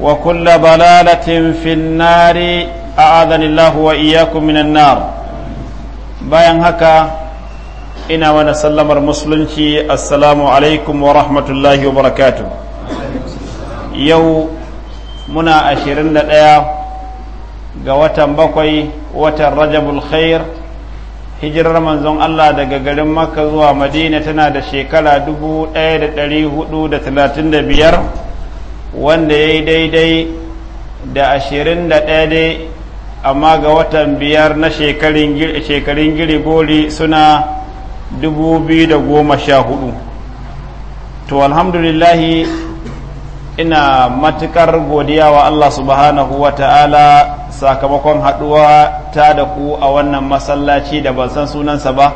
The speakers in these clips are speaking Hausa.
وكل ضلالة في النار أعاذني الله وإياكم من النار bayan haka ina wani sallamar musulunci assalamu alaikum wa rahmatullahi wa barakatu yau muna ashirin da ɗaya ga watan bakwai watan rajabul hijirar manzon Allah daga garin makka madina tana da shekara dubu ɗaya da ɗari huɗu da talatin da biyar wanda ya yi daidai da ashirin da ɗaya dai amma ga watan biyar na shekarun giriboli suna dubu biyu da goma sha hudu to alhamdulillahi ina matukar godiya wa Allah subhanahu wa ta'ala sakamakon haɗuwa ta da ku a wannan masallaci da ban san sunansa ba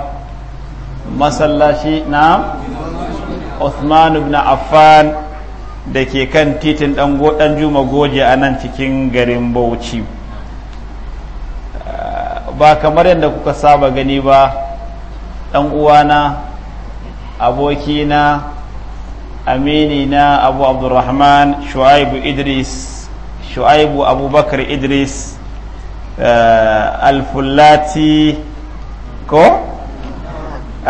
masallaci na Uthman ibn Affan da ke kan titin ɗan juma goje a nan cikin garin bauchi ah, ba kamar yadda kuka saba gani ba ɗan uwana abokina aminina abu abdurrahman shu'aibu idris shu'aibu abubakar idris ah, alfulati ko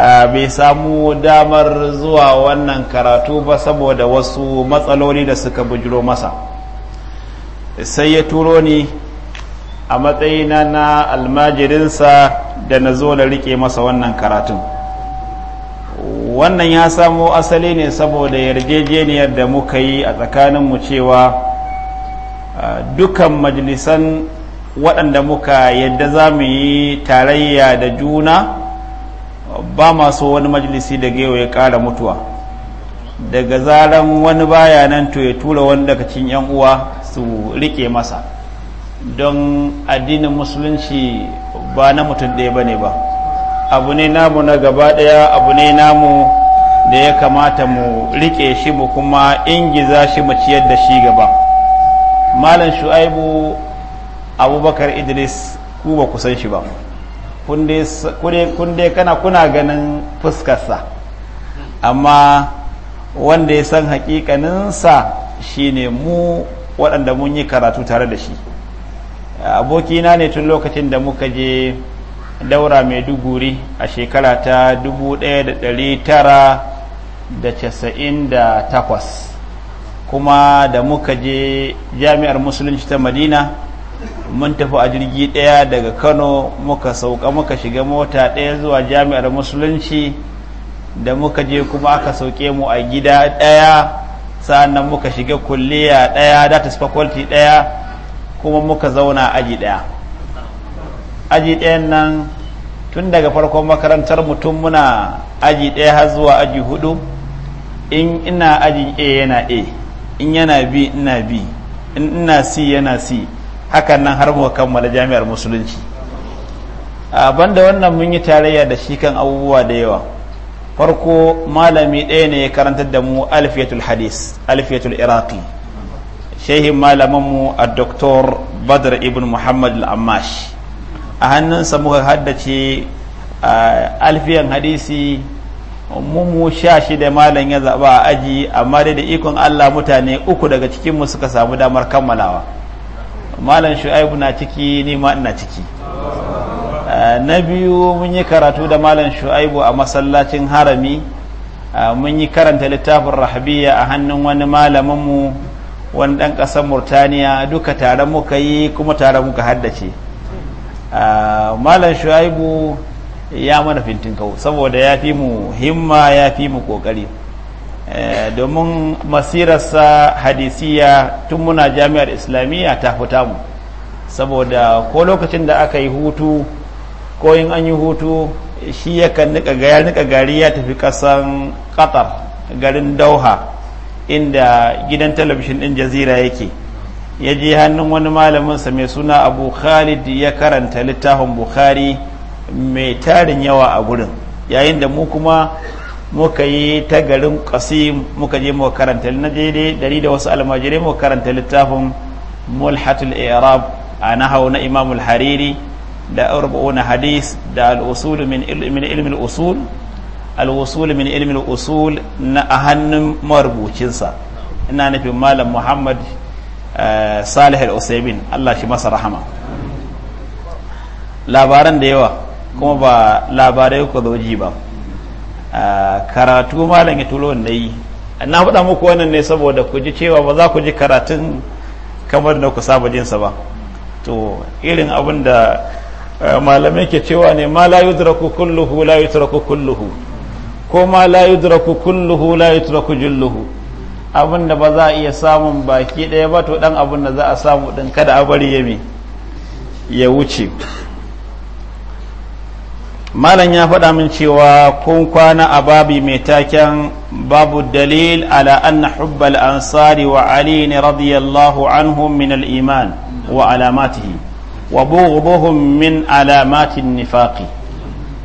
bai samu damar zuwa wannan karatu ba saboda wasu matsaloli da suka bujiro masa sai ya turo ni a matsayina na almajirinsa da na zo da rike masa wannan karatun wannan ya samo asali ne saboda yarjejeniyar da muka yi a tsakaninmu cewa dukan majalisan waɗanda muka yadda za mu yi tarayya da juna ba masu wani majalisi da gewa ya ƙara mutuwa daga zaran wani baya nan to ya tura wani daga cikin 'yan uwa su riƙe masa don addinin musulunci ba na mutum ɗaya ba ne ba abu ne namu na gaba ɗaya abu ne namu da ya kamata mu riƙe shi mu kuma ingiza shi mu ciyar da shi gaba malam shu'aibu abubakar idris ku ba kusan shi ba kunde kana kuna ganin fuskarsa amma wanda ya san hakikaninsa shine mu waɗanda mun yi karatu tare da shi abokina ne tun lokacin da muka je daura mai duguri a shekara ta 1998 kuma da muka je jami'ar musulunci ta madina mun tafi a jirgi ɗaya daga kano muka sauka muka shiga mota ɗaya zuwa jami'ar musulunci da muka je kuma aka sauke mu a gida ɗaya sa'annan muka shiga kulliya ɗaya data faculty ɗaya kuma muka zauna aji ɗaya aji ɗayan nan tun daga farkon makarantar mutum muna aji ɗaya har zuwa aji hudu in ina ajin a yana a in yana b ina b in ina c yana c hakan nan har muka kammala jami'ar musulunci a banda wannan mun yi tarayya da shi kan abubuwa da yawa farko malami ɗaya ne ya karantar da mu alfiyatul hadis alfiyatul iraqi shehin mu a doktor badr ibn muhammad al-ammash a hannunsa muka haddace alfiyan hadisi mummu sha shida malam ya zaba a aji amma dai da ikon allah mutane uku daga cikinmu suka samu damar kammalawa malam shu'aibu na ciki ni ma ina ciki ah, na biyu mun yi karatu da malam shu'aibu a masallacin harami ah, mun yi karanta littafin rahabiya a hannun wani mu wani ɗan ƙasan murtaniya duka tare muka yi kuma tare muka haddace ah, malam shu'aibu ya mana fintin kawo saboda ya fi mu himma ya fi mu ƙoƙari Eh, domin masirarsa hadisiya tun muna jami'ar islamiyya ta fita mu saboda ko lokacin da aka yi hutu ko yin an yi hutu shi yakan nika gaya nika gari ya tafi kasan qatar garin dauha inda gidan talabishin din jazira yake ya je hannun wani malaminsa mai suna abu khalid ya karanta littafin bukhari mai tarin yawa a gurin yayin da mu kuma muka yi ta garin qasim muka je muka karanta na daidai dari da wasu almajirai muka karanta littafin mulhatul i'rab a nahau na imamul hariri da arba'una hadis da al-usul min ilmi al-usul al-usul min ilmi al-usul na a hannun marubucinsa ina nufin malam muhammad eh, salih al-usaimin Allah shi masa rahama labaran da yawa kuma ba labarai ku zo ji ba karatu malam ya tulo wanda yi na faɗa muku wannan ne saboda ku ji cewa ba za ku ji karatun kamar da ku saba jinsa ba to irin abin da malamai ke cewa ne ma la yudraku kulluhu la yutraku kulluhu ko ma la yudraku kulluhu la yutraku julluhu abin da ba za a iya samun baki ɗaya ba to ɗan abin da za a samu ɗin kada a bari ya ya wuce malam ya faɗa min cewa kun kwana a babi mai taken babu dalil ala anna hubbal ansari wa ali ne radiyallahu anhum min al-iman wa alamatihi wa bughduhum min alamatin nifaqi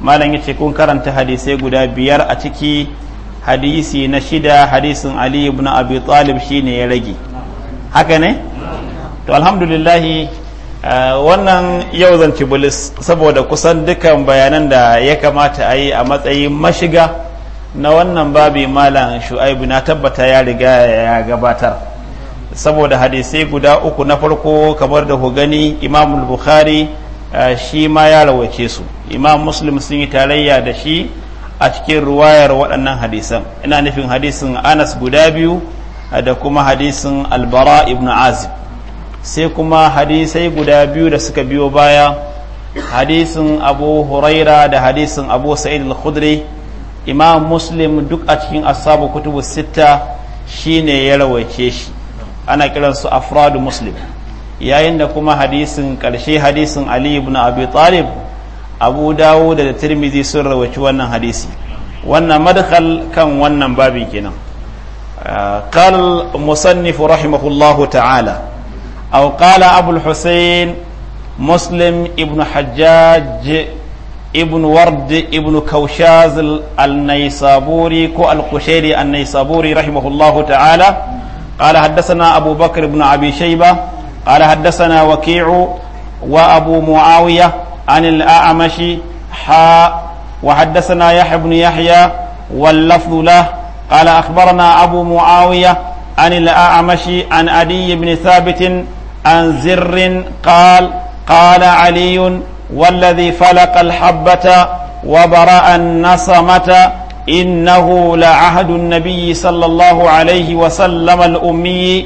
malam yace kun karanta hadisai guda biyar a ciki hadisi na shida hadisin ali ibn abi talib shine ya rage haka ne to alhamdulillahi Eh, wannan yau zan ci bulis saboda kusan dukan bayanan da ya kamata a yi a matsayin mashiga na wannan babi malam shu'aibu na tabbata ya riga ya gabatar saboda hadisai guda uku na farko kamar da ku gani imam bukhari eh, shi ma ya rawace su imam muslim sun yi tarayya da shi a cikin ruwayar waɗannan hadisan ina nufin hadisin anas guda biyu eh, da kuma hadisin albara ibn azib sai kuma hadisai guda biyu da suka biyo baya hadisin abu huraira da hadisin abu sa'id al-khudri imam muslim duk a cikin asabu kutubu sita shine ya rawaice shi ana su afradu muslim yayin da kuma hadisin karshe hadisin ali ibn abi talib abu dawo da tirmidhi sun rawaci wannan hadisi wannan madkhal kan wannan babin kenan قال المصنف رحمه الله تعالى أو قال أبو الحسين مسلم ابن حجاج ابن ورد ابن كوشاز النيسابوري كو القشيري النيسابوري رحمه الله تعالى قال حدثنا أبو بكر بن أبي شيبة قال حدثنا وكيع وأبو معاوية عن الأعمش حاء وحدثنا يحيى بن يحيى واللفظ له قال أخبرنا أبو معاوية عن الأعمش عن أدي بن ثابت عن زر قال قال علي والذي فلق الحبة وبرأ النصمة إنه لعهد النبي صلى الله عليه وسلم الأمي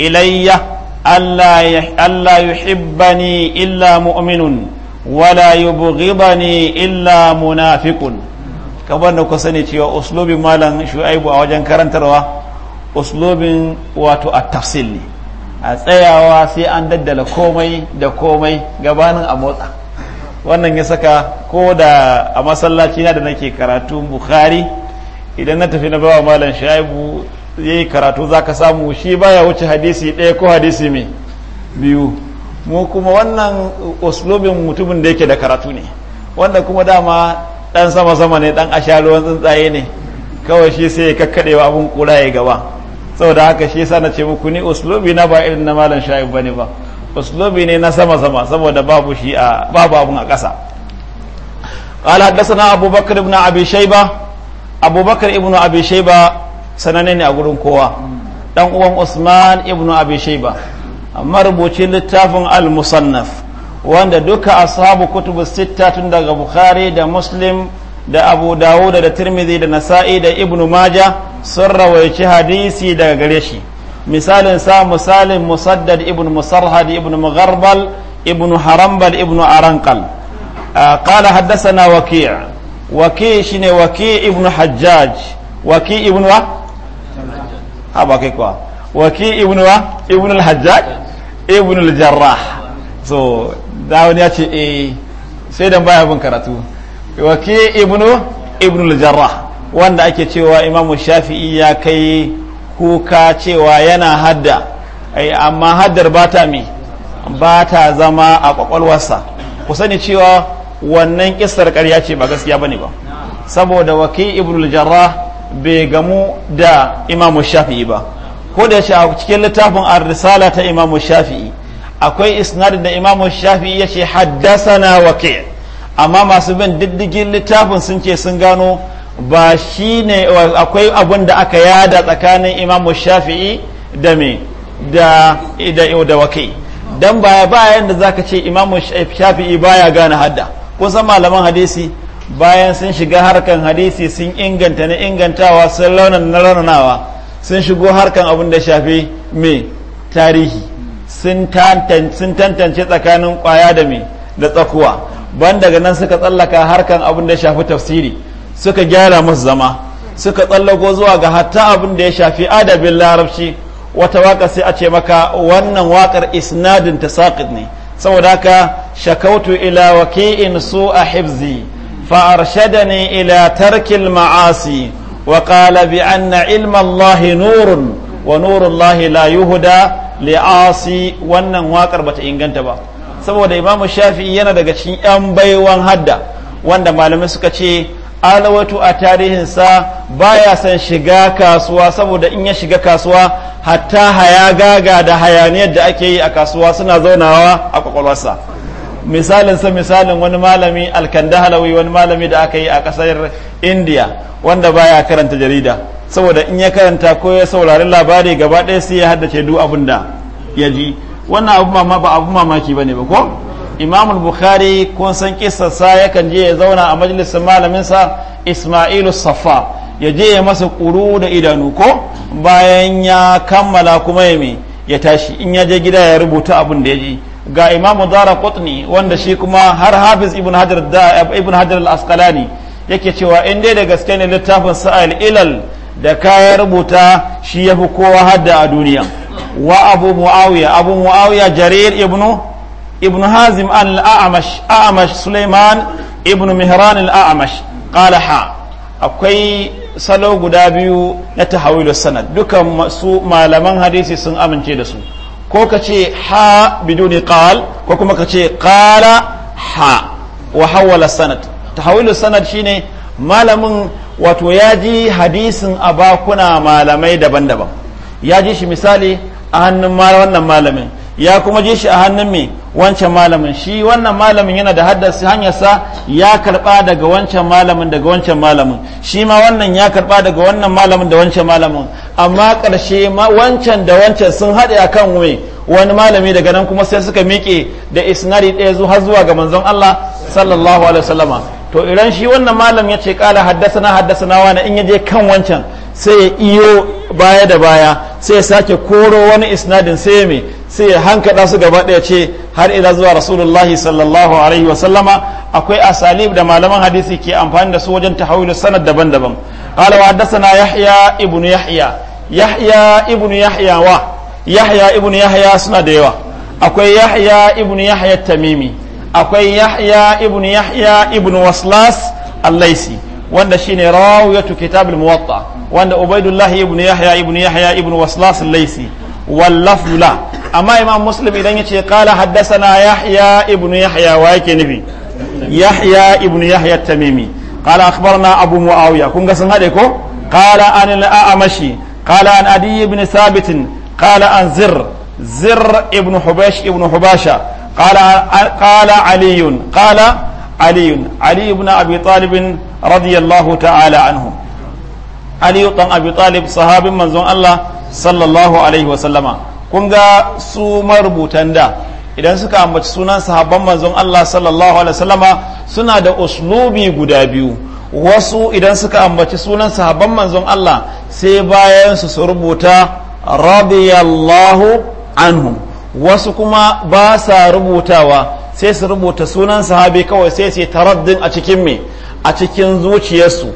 إلي ألا يحبني إلا مؤمن ولا يبغضني إلا منافق kamar da ku sani cewa uslubin malam shu'aibu a wajen karantarwa uslubin wato a tafsil ne a tsayawa sai an daddala komai da komai gabanin a motsa wannan ya saka ko da a masallaci na da nake karatu bukhari idan na tafi na bawa malam shaibu ya yi karatu za ka samu shi baya wuce hadisi ɗaya ko hadisi mai biyu mu kuma wannan oslobin mutumin da yake da karatu ne wanda kuma dama ɗan sama-sama ne ɗan asharuwan tsuntsaye ne kawai shi sai ya kakkaɗewa abin kula ya gaba saboda haka shi sana na ce muku ni uslubi na ba irin na malam sha'ib bane ba uslubi ne na sama sama saboda babu shi a babu abun a ƙasa قال حدثنا أبو بكر بن أبي شيبة أبو بكر ابن أبي شيبة سننين أقولون كوا دان أوان عثمان ابن أبي شيبة مربوطين المصنف كتب daga Bukhari da Muslim da Abu Dawud da Tirmidhi da Nasa'i da ibnu Majah sun rawaici hadisi daga gare shi misalin sa misalin musaddad ibn musarhad ibn mugharbal ibn harambal ibn arankal ah, qala haddathana waki' waki' shine waki' ibn hajjaj waki' ibn wa ha ba kai kuwa waki' ibn wa ibn al-hajjaj ibn al-jarrah so da wani ya ce eh sai dan baya bin karatu waki' ibn ibn al-jarrah wanda ake cewa imamu shafi'i ya kai kuka cewa yana hadda amma haddar ba ta mi ba ta zama a kwakwalwarsa ku sani cewa wannan kisar karya ce ba gaskiya bane ba saboda waki ibn jarrah bai gamu da imamu shafi'i ba ko da shi a cikin littafin ar-risala ta imamu shafi'i akwai isnadin da imamu shafi'i ya ce na waki amma masu bin diddigin littafin sun ce sun gano ba shi ne akwai abun da aka yada tsakanin imamu shafi'i da me da da waki dan baya bayan da zaka ce imamu shafi'i baya gane hadda kusan malaman hadisi bayan sun shiga harkan hadisi sun inganta na ingantawa sun launan na raunanawa sun shigo harkan abin da shafi me tarihi sun tantance tsakanin kwaya da me da tsakuwa ban daga nan suka tsallaka harkan abin da shafi tafsiri suka gyara musu zama suka tsallako zuwa ga hatta abin da ya shafi adabin larabci wata waka sai a ce maka wannan wakar isnadin ta saƙid ne saboda haka shakautu ila waki'in su a hibzi fa ni ila tarkil ma'asi wa qala bi anna ilma Allah nurun wa nurun Allah la huda li'asi wannan wakar bata inganta ba saboda imamu shafi yana daga cikin yan baiwan hadda wanda malamai suka ce alawatu a tarihinsa ba ya son shiga kasuwa saboda in ya shiga kasuwa hatta hayaga-gaga da hayaniyar da ake yi a kasuwa suna zaunawa a kwakwalwarsa misalin sa misalin wani malami alkandahalawi wani malami da aka yi a kasar indiya wanda baya karanta jarida saboda in ya karanta ko ya saurari labari gaba ɗaya sai ya haddace duk abin da ya ji wannan abu mamaki ba abu mamaki ne ba ko imam bukhari kun san ya yakan je ya zauna a majalisar malaminsa ismailu safa ya je ya masa kuru da idanu ko bayan ya kammala kuma ya me ya tashi in ya je gida ya rubuta abin da ya ji ga imam zara wanda shi kuma har hafiz ibn hajar ibn hajar al-asqalani yake cewa in dai da gaske ne littafin sa'al ilal da kaya rubuta shi yafi kowa hadda a duniya wa abu muawiya abu muawiya jarir ibnu ابن هازم عن الأعمش أعمش سليمان ابن مهران الأعمش قال حا akwai salo guda biyu na tahawilu sanad duka masu malaman hadisi sun amince da su ko ka ce ha biduni qal ko kuma ka ce qala ha wa hawala sanad tahawilu sanad shine malamin wato ya ji hadisin a bakuna malamai daban-daban ya ji shi misali a hannun wannan malamin ya kuma je shi a hannun mai wancan malamin shi wannan malamin yana da haddasa hanyarsa ya karba daga wancan malamin daga wancan malamin shi ma wannan ya karba daga wannan malamin da wancan malamin amma ƙarshe wancan da wancan sun haɗe a kan wani malami daga nan kuma sai suka miƙe da isnari ɗaya zuwa zuwa ga manzon Allah sallallahu alaihi wasallama to idan shi wannan malam ya ce ƙala haddasa na haddasa na wani in ya je kan wancan sai ya iyo baya da baya sai ya sake koro wani isnadin sai mai sai ya hankada su gaba ɗaya ce har ila zuwa rasulullahi sallallahu alaihi wasallama akwai asalib da malaman hadisi ke amfani da su wajen da sanad daban-daban qala wa haddathana yahya ibnu yahya yahya ibnu yahya wa yahya ibnu yahya suna da yawa akwai yahya ibnu yahya tamimi akwai yahya ibnu yahya ibnu waslas al-laisi wanda shine rawiyatu kitab al-muwatta wanda ubaidullah ibn yahya ibn yahya ibn waslas al-laisi wallafzu la amma imam muslim idan yace qala haddathana yahya ibn yahya wa yake nufi yahya ibn yahya tamimi qala akhbarna abu muawiya kun ga sun hade ko qala an al-a'mashi qala an adi ibn thabit qala an zir zir ibn hubash ibn hubasha qala qala ali qala ali ali ibn abi talib radiyallahu ta'ala anhu Ali dan abi talib sahabin manzon Allah sallallahu alaihi wa sallama kun ga su marubutan da idan suka ambaci sunan sahabban manzon Allah sallallahu alaihi sallama suna da uslubi guda biyu wasu idan suka ambaci sunan sahabban manzon Allah sai bayan su rubuta radiyallahu anhu wasu kuma ba sa rubutawa sai su rubuta sunan sahabi kawai sai su taraddin a cikin me a cikin zuciyarsu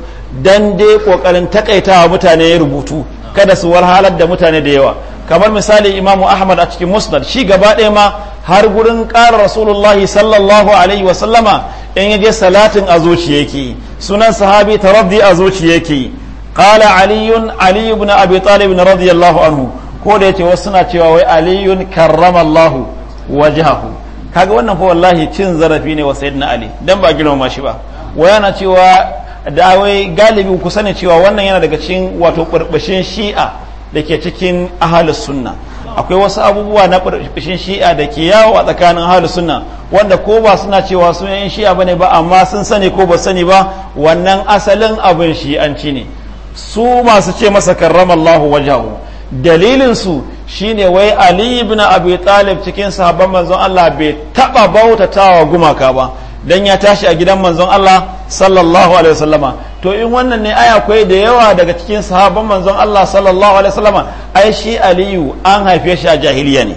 don dai kokarin takaitawa mutane rubutu kada su warhalar da mutane da yawa kamar misali imamu ahmad a cikin musnad shi gaba ɗaya ma har gurin ƙara rasulullahi sallallahu alaihi wa in ya je salatin a zuciya yake sunan sahabi ta rabdi a zuciya yake qala aliyun ali na abi talib radiyallahu anhu ko da yake wasu suna cewa wai aliyun karramallahu wajahu kaga wannan fa wallahi cin zarafi ne wa sayyidina ali dan ba girmama shi ba wa yana cewa da wai galibi ku sani cewa wannan yana daga cikin wato burbushin shi'a da ke cikin ahalus sunna akwai wasu abubuwa na burbushin shi'a da ke yawo a tsakanin ahalus sunna wanda ko ba suna cewa sun yan shi'a bane ba amma sun sani ko ba sani ba wannan asalin abin shi'anci ne su masu ce masa karramallahu wajahu dalilin su shine wai ali ibn abi talib cikin sahabban manzon Allah bai taba bautatawa gumaka ba dan ya tashi a gidan manzon Allah sallallahu alaihi wasallama to in wannan ne aya akwai da yawa daga cikin sahabban manzon Allah sallallahu alaihi wasallama ai shi Aliyu an haife shi a jahiliya ne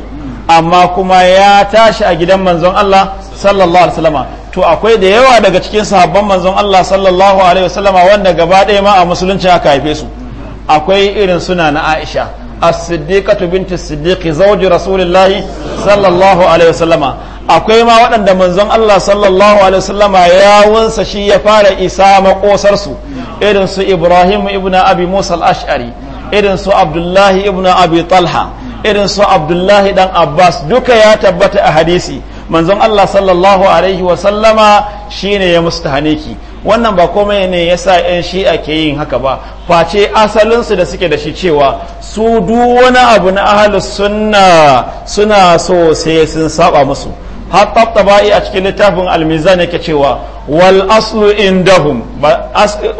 amma kuma ya tashi a gidan manzon Allah sallallahu alaihi wasallama to akwai da yawa daga cikin sahabban manzon Allah sallallahu alaihi wasallama wanda gaba ɗaya ma a musulunci aka haife su akwai irin suna na Aisha as-siddiqatu binti siddiqi zawji rasulillahi sallallahu alaihi wasallama akwai ma waɗanda manzon Allah sallallahu alaihi wasallama yawunsa shi ya fara isa makosar su irin su Ibrahim ibn Abi Musa al-Ash'ari irin su Abdullahi ibn Abi Talha irin su Abdullahi dan Abbas duka ya tabbata a hadisi manzon Allah sallallahu alaihi wasallama shine ya mustahaniki wannan ba komai ne ya sa 'yan shi'a ke yin haka ba face asalinsu da suke da shi cewa su wani abu na ahalus suna so sai sun saba musu hatta bai a cikin littafin almizan yake cewa wal aslu indahum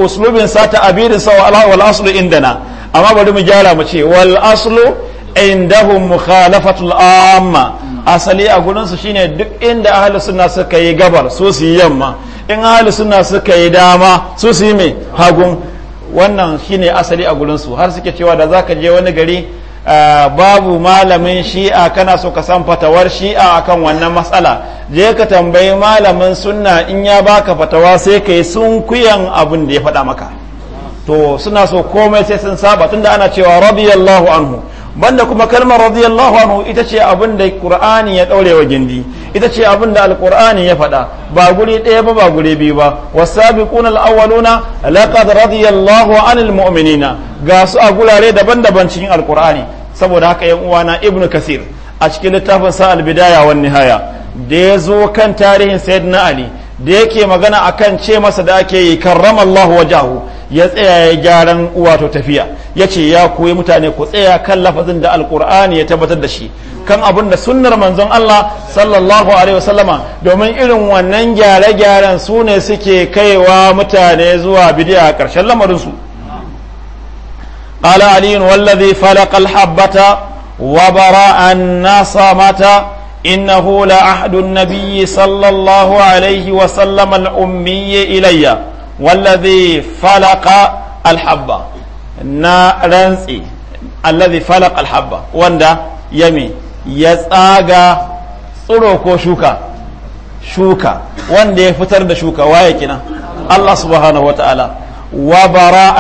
uslubin sata abirin sawa wal aslu indana amma bari mu gyara mu ce wal aslu indahum mukhalafatul amma asali a gurinsu shine duk inda ahalus suka yi gabar su su yamma in hali suna suka yi dama su su yi mai hagun wannan shine asali a gurinsu har suke cewa da za ka je wani gari babu malamin shi'a kana so ka san fatawar shi'a akan wannan matsala je ka tambayi malamin sunna in ya baka fatawa sai ka yi kuyan abin da ya faɗa maka to suna so komai sai sun saba tunda ana cewa radiyallahu anhu banda kuma kalmar radiyallahu anhu ita ce abin da qur'ani ya ɗaure wa gindi ita ce abin da alkur'ani ya faɗa ba guri ɗaya ba ba guri biyu ba wasabiquna alawwaluna laqad radiyallahu anil mu'minina ga su a gurare daban-daban cikin alkur'ani saboda haka yan uwana ibnu kasir a cikin littafin sa albidaya wan nihaya da ya zo kan tarihin sayyidina ali da yake magana akan ce masa da ake yi karramallahu wajahu ya tsaya ya gyaran wato tafiya ya ce ya koyi mutane ku tsaya kan lafazin da alkur'ani ya tabbatar da shi kan abin da sunnar manzon Allah sallallahu alaihi wasallama domin irin wannan gyare-gyaren su ne suke kaiwa mutane zuwa bidiya a ƙarshen lamarinsu قال علي والذي فلق الحبة وبرأ الناس mata. إنه لعهد النبي صلى الله عليه وسلم الأمي إلي والذي فلق الحبة نا الذي فلق الحبة يمي ko shuka shuka wanda ya fitar da shuka waye kina Allah subhanahu wa ta'ala wa bara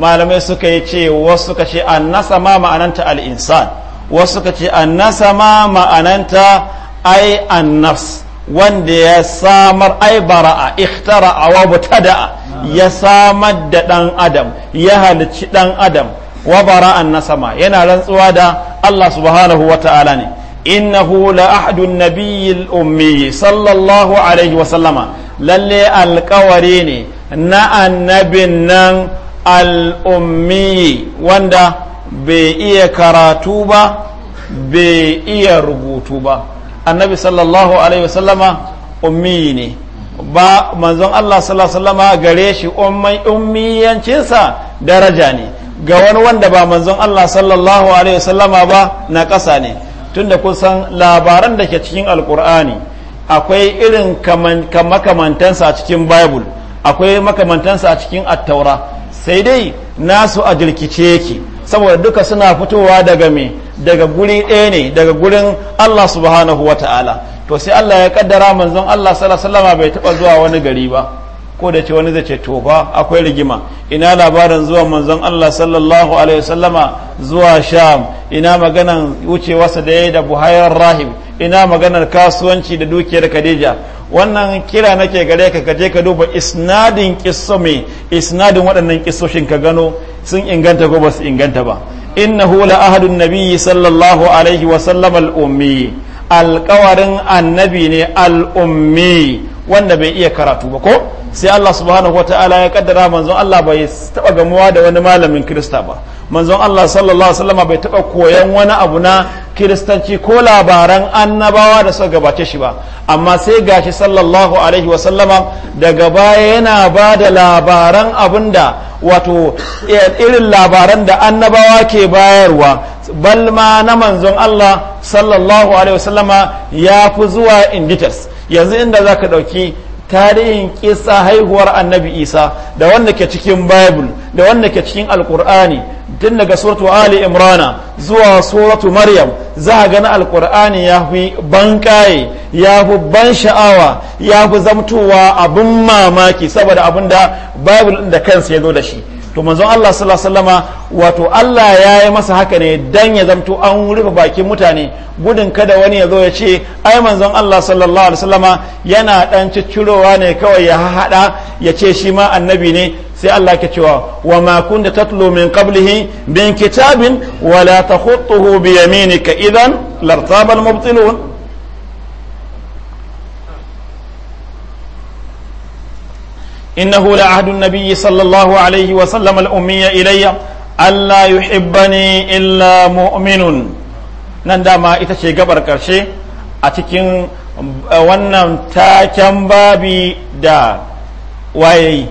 malamai suka ce wasu ce ma'ananta al-insan wasu suka ce annasa ma ma'ananta ai annas wanda ya samar ai bara'a a wa da'a ya samar da dan adam ya halicci dan adam wa bara'an nasama yana rantsuwa da Allah subhanahu wa ta'ala ne innahu la ahdun nabiyil ummi sallallahu alaihi wa sallama lalle alkawari ne na annabin nan al'ummi wanda bai iya karatu ba bai iya rubutu ba annabi sallallahu alaihi wasallama ummi ne ba manzon Allah sallallahu alaihi wasallama gare shi ummiyancinsa daraja ne ga wani wanda ba manzon Allah sallallahu alaihi wasallama ba na ƙasa ne tunda kun san labaran da ke cikin alkur'ani akwai irin makamantansa a cikin bible akwai makamantansa a cikin attaura sai dai nasu a jirkice yake saboda duka suna fitowa daga me daga guri ɗaya ne daga gurin Allah subhanahu wata'ala to sai Allah ya kaddara manzon Allah sallallahu alaihi bai taba zuwa wani gari ba ko da ce wani zai ce to fa akwai rigima ina labarin zuwa manzon Allah sallallahu alaihi wasallama zuwa Sham ina maganan wucewarsa da yayi da Buhayar rahim. ina maganar kasuwanci da dukiyar Khadija wannan kira nake gare ka kaje ka duba isnadin kisso me isnadin waɗannan kissoshin ka gano sun inganta ko ba su inganta ba innahu la ahadun nabiyyi sallallahu alaihi wa sallam al ummi alƙawarin annabi ne al ummi wanda bai iya karatu ba ko sai Allah subhanahu wataala ya kaddara manzon Allah bai taba gamuwa da wani malamin Kirista ba manzon Allah sallallahu alaihi wasallama bai taɓa koyon wani abu na kiristanci ko labaran annabawa da suka gabace shi ba amma sai gashi sallallahu alaihi wasallama daga baya yana ba da labaran abin wato irin labaran da annabawa ke bayarwa balma na manzon Allah sallallahu alaihi wasallama ya fi zuwa inditas yanzu inda za ka ɗauki tarihin kisa haihuwar annabi isa da wanda ke cikin bible da wanda ke cikin alkur'ani tun daga suratu ali imrana zuwa suratu maryam za a gani alkur'ani ya fi ban kaye ya fi ban sha'awa ya fi zamtowa abin mamaki saboda abin da bible da kansa ya zo da shi to manzon Allah sallallahu alaihi wasallama wato Allah ya yi masa haka ne dan ya zamto an rufe bakin mutane gudun kada wani ya zo ya ce ai manzon Allah sallallahu alaihi wasallama yana dan ciccirowa ne kawai ya hada ya ce shi ma annabi ne sai Allah ke cewa wa ma kunta tatlu min qablihi min kitabin wala takhutuhu bi yaminika idan lartabal mubtilun إنه لعهد النبي صلى الله عليه وسلم الأمي إلي ألا يحبني إلا مؤمن nan dama ita ce gabar ƙarshe a cikin wannan taken babi da waye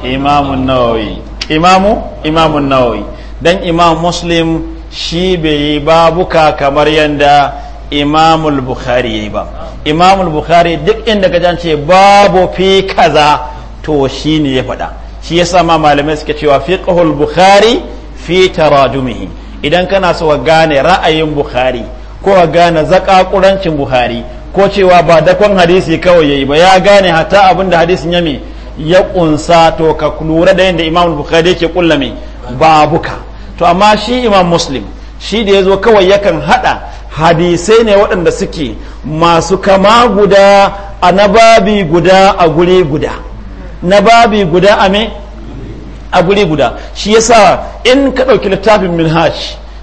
imamun nawawi imamu imamun nawawi dan imam muslim shi bai yi babuka kamar yadda imamul bukhari yayi ba imamul bukhari duk inda ka ce babu fi kaza to shine ya faɗa shi yasa ma malamai suke cewa fiqhul bukhari fi tarajumihi idan kana so ka gane ra'ayin bukhari ko ka gane zakakurancin bukhari ko cewa ba dakon hadisi kawai yayi ba ya gane hatta abin da hadisin ya ya ƙunsa to ka lura da yadda imamul bukhari yake kullame babuka to amma shi imam muslim shi da ya zo kawai yakan haɗa hadisai ne waɗanda suke masu kama guda a na babi guda a guri guda na babi guda a me a guri guda shi yasa in ka ɗauki littafin minhaj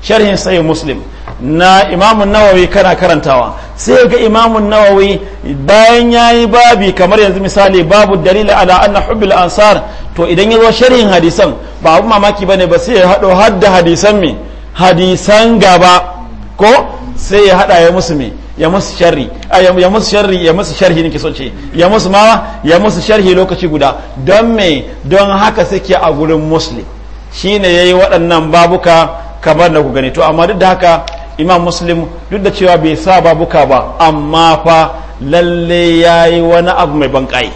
sharhin sayin muslim na imamun nawawi kana karantawa sai ga imamun nawawi bayan ya yi babi kamar yanzu misali babu dalila ala anna hubbil ansar to idan ya zo sharhin hadisan ba abu mamaki bane ba sai ya haɗo hadda hadisan me hadisan gaba ko sai ya hada ya musu ya musu sharri ya musu sharri ya musu sharhi nake so ce ya musu mawa ya musu sharhi lokaci guda don me don haka suke a gurin muslim shine yayi waɗannan babuka kamar da ku gani to amma duk da haka imam muslim duk da cewa bai sa babuka ba amma fa lalle yayi wani abu mai bankai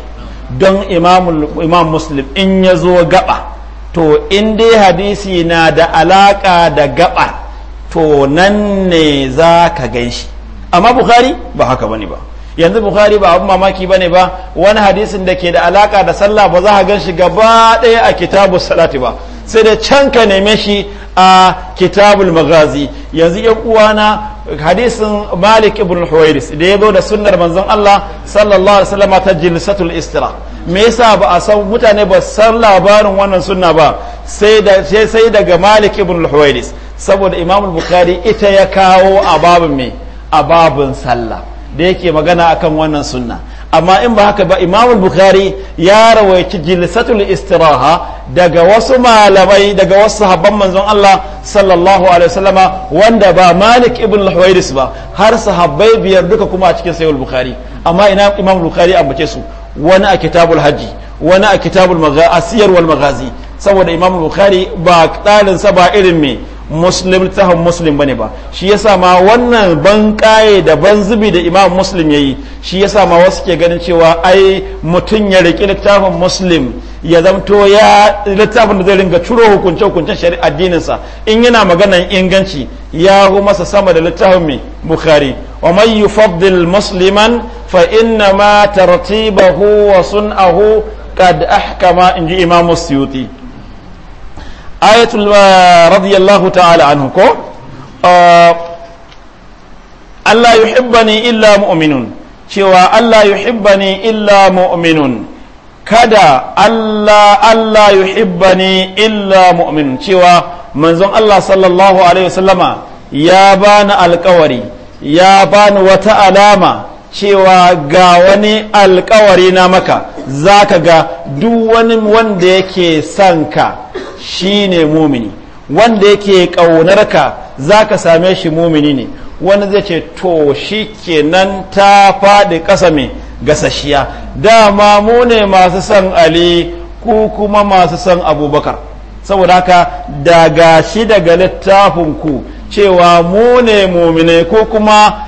don imam muslim in ya zo gaba to in dai hadisi na da alaƙa da gaba to nan ne za ka gan shi amma bukhari ba haka bane ba yanzu bukhari ba abin mamaki bane ba wani hadisin da ke da alaka da sallah ba za a gan shi gaba ɗaya a kitabu salati ba sai da can ka neme shi a kitabul magazi yanzu ya uwana hadisin malik ibn huwairis da ya zo da sunnar manzon allah sallallahu alaihi wasallam ta jilsatul istira me yasa ba a san mutane ba san labarin wannan sunna ba sai daga Malik ibn al huwaylis saboda Imam Bukhari ita ya kawo a babin me a babin sallah da yake magana akan wannan sunna amma in ba haka ba Imam Bukhari ya rawaici jilsatul istiraha daga wasu malamai daga wasu sahabban manzon Allah sallallahu alaihi wasallama wanda ba Malik ibn al huwaylis ba har sahabbai biyar duka kuma a cikin Sahih Bukhari amma ina Imam Bukhari ambace su wani a kitabul hajji wani a kitabul magazi saboda imam bukhari ba ɗalinsa ba irin mai muslim tahon muslim bane ba shi yasa ma wannan ban kaye da ban zubi da imam muslim yayi shi yasa ma wasu ke ganin cewa ai mutum ya riki littafin muslim ya zamto ya littafin da zai ringa ciro hukunce hukuncen shari'a sa in yana maganan inganci ya hu masa sama da littafin mai bukhari wa man yufaddil musliman fa inna ma tartibahu wa sun'ahu qad ahkama inji imam suyuti ayatul uh, radiyallahu ta'ala anhu ko uh, Allah yuhibbani illa mu'minun cewa Allah yuhibbani illa mu'minun kada Allah Allah yuhibbani illa mu'minun cewa manzon Allah sallallahu alaihi wasallama ya bani alkawari ya bani wata alama cewa ga wani alkawari na maka za ka ga duk wani wanda yake son ka shi ne mumini wanda yake ƙaunarka za ka same shi mumini ne wani zai ce to shi kenan ta faɗi ƙasa mai gasashiya dama mu ne masu son ali ku kuma masu son abubakar saboda haka daga shi daga littafinku cewa mu ne mumini ko kuma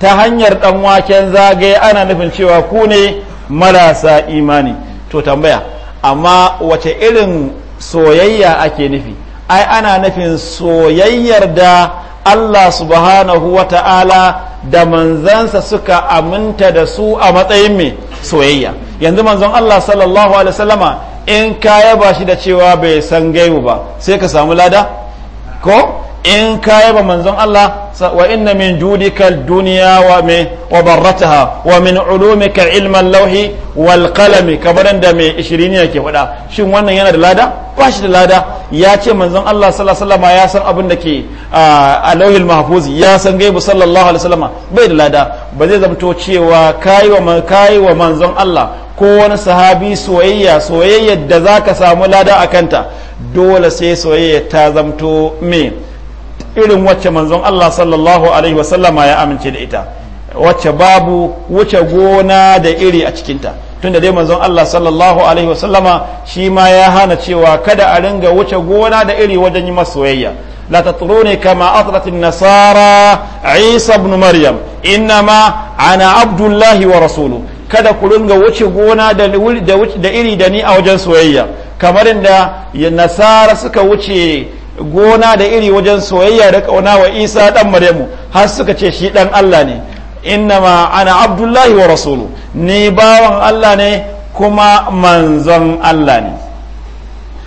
ta hanyar ɗan waken zagaye ana nufin cewa ku ne marasa imani to tambaya amma wace irin soyayya ake nufi ai ana nufin soyayyar da Allah subhanahu wa ta'ala da manzansa suka aminta da su a matsayin mai soyayya yanzu manzon Allah sallallahu alaihi wasallama in kaya bashi shi da cewa bai san gaibu ba sai ka samu lada ko in ka yaba manzon Allah wa inna min judika duniya wa min wa barrataha wa min ulumika ilman lauhi wal qalami kabaran da mai 20 ne ke faɗa shin wannan yana da lada ba shi da lada ya ce manzon Allah sallallahu alaihi wasallam ya san abin da ke a lauhil mahfuz ya san gaibu sallallahu alaihi wasallam bai da lada ba zai zamto cewa kai wa kai wa manzon Allah ko wani sahabi soyayya soyayya da zaka samu lada akanta dole sai soyayya ta zamto me irin wacce manzon Allah sallallahu alaihi wasallama ya amince da ita wacce babu wuce gona da iri a cikinta tun da dai manzon Allah sallallahu alaihi wasallama shi ma ya hana cewa kada a ringa wuce gona da iri wajen yi masoyayya لا تطروني كما أطرت النصارى عيسى بن مريم إنما أنا عبد الله ورسوله kada ku ringa wuce gona da iri da ni a wajen soyayya kamar da nasara suka wuce gona da iri wajen soyayya da kauna wa isa dan maryamu har suka ce shi dan allah ne innama ana abdullahi wa rasulu ni bawan allah ne kuma manzon allah ne